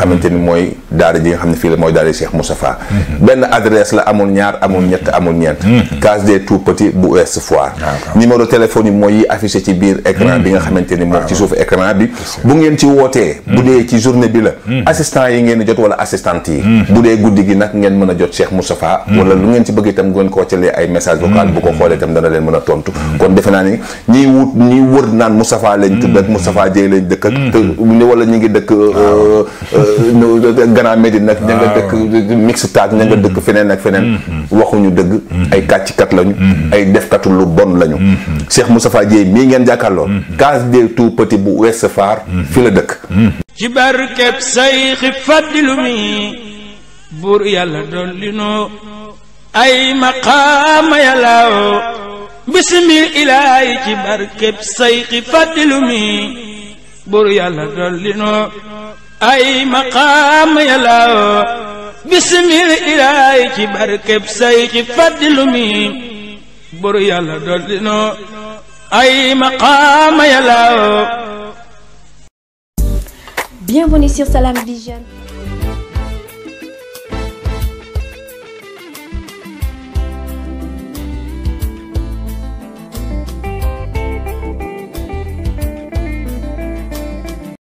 xamante mooy daara ji nga hmm. benn adresse la amul ñaar amul ñett amul ñeent hmm. case des tout petits bu Ouest Foire ah, numéro téléphone yi mooy yi affiché ci biir écran bi nga xamante ni moo ci ah, suufu écran bi la assistant yi ngeen jot wala assistante léegi nag ngeen mën a jot Cheikh Moustapha wala lu ngeen ci bëgg itam ngeen ko wàccalee ay message vocal mm. bu ko xoolee itam dana leen mën a tontu kon defe naa ni ñiy wut ñiy wër naan Moustapha lañ tudd ak mm. Moustapha Dieye lañ dëkk ak mm. te wala ñi ngi dëkk euh, euh, Grand Médine nag ña nga dëkk Mixtac ña nga dëkk feneen ak feneen dëgg ay kàccikat lañu ay defkatu lu bon lañu Cheikh Moustapha Dieye mii ngeen jàkkaarloo case des tout petits bu Ouest Foire fi la dëkk ci barkeb say xi buur yàlla dolli noo ay maqaama yàllaaw bisimil ilaahi barkeb sayxi fàddilu mi buur ay maqaama yàllaaw bisimil ilaahi barkeb sayxi fàddilu mi buur ay maqaama yàllaaw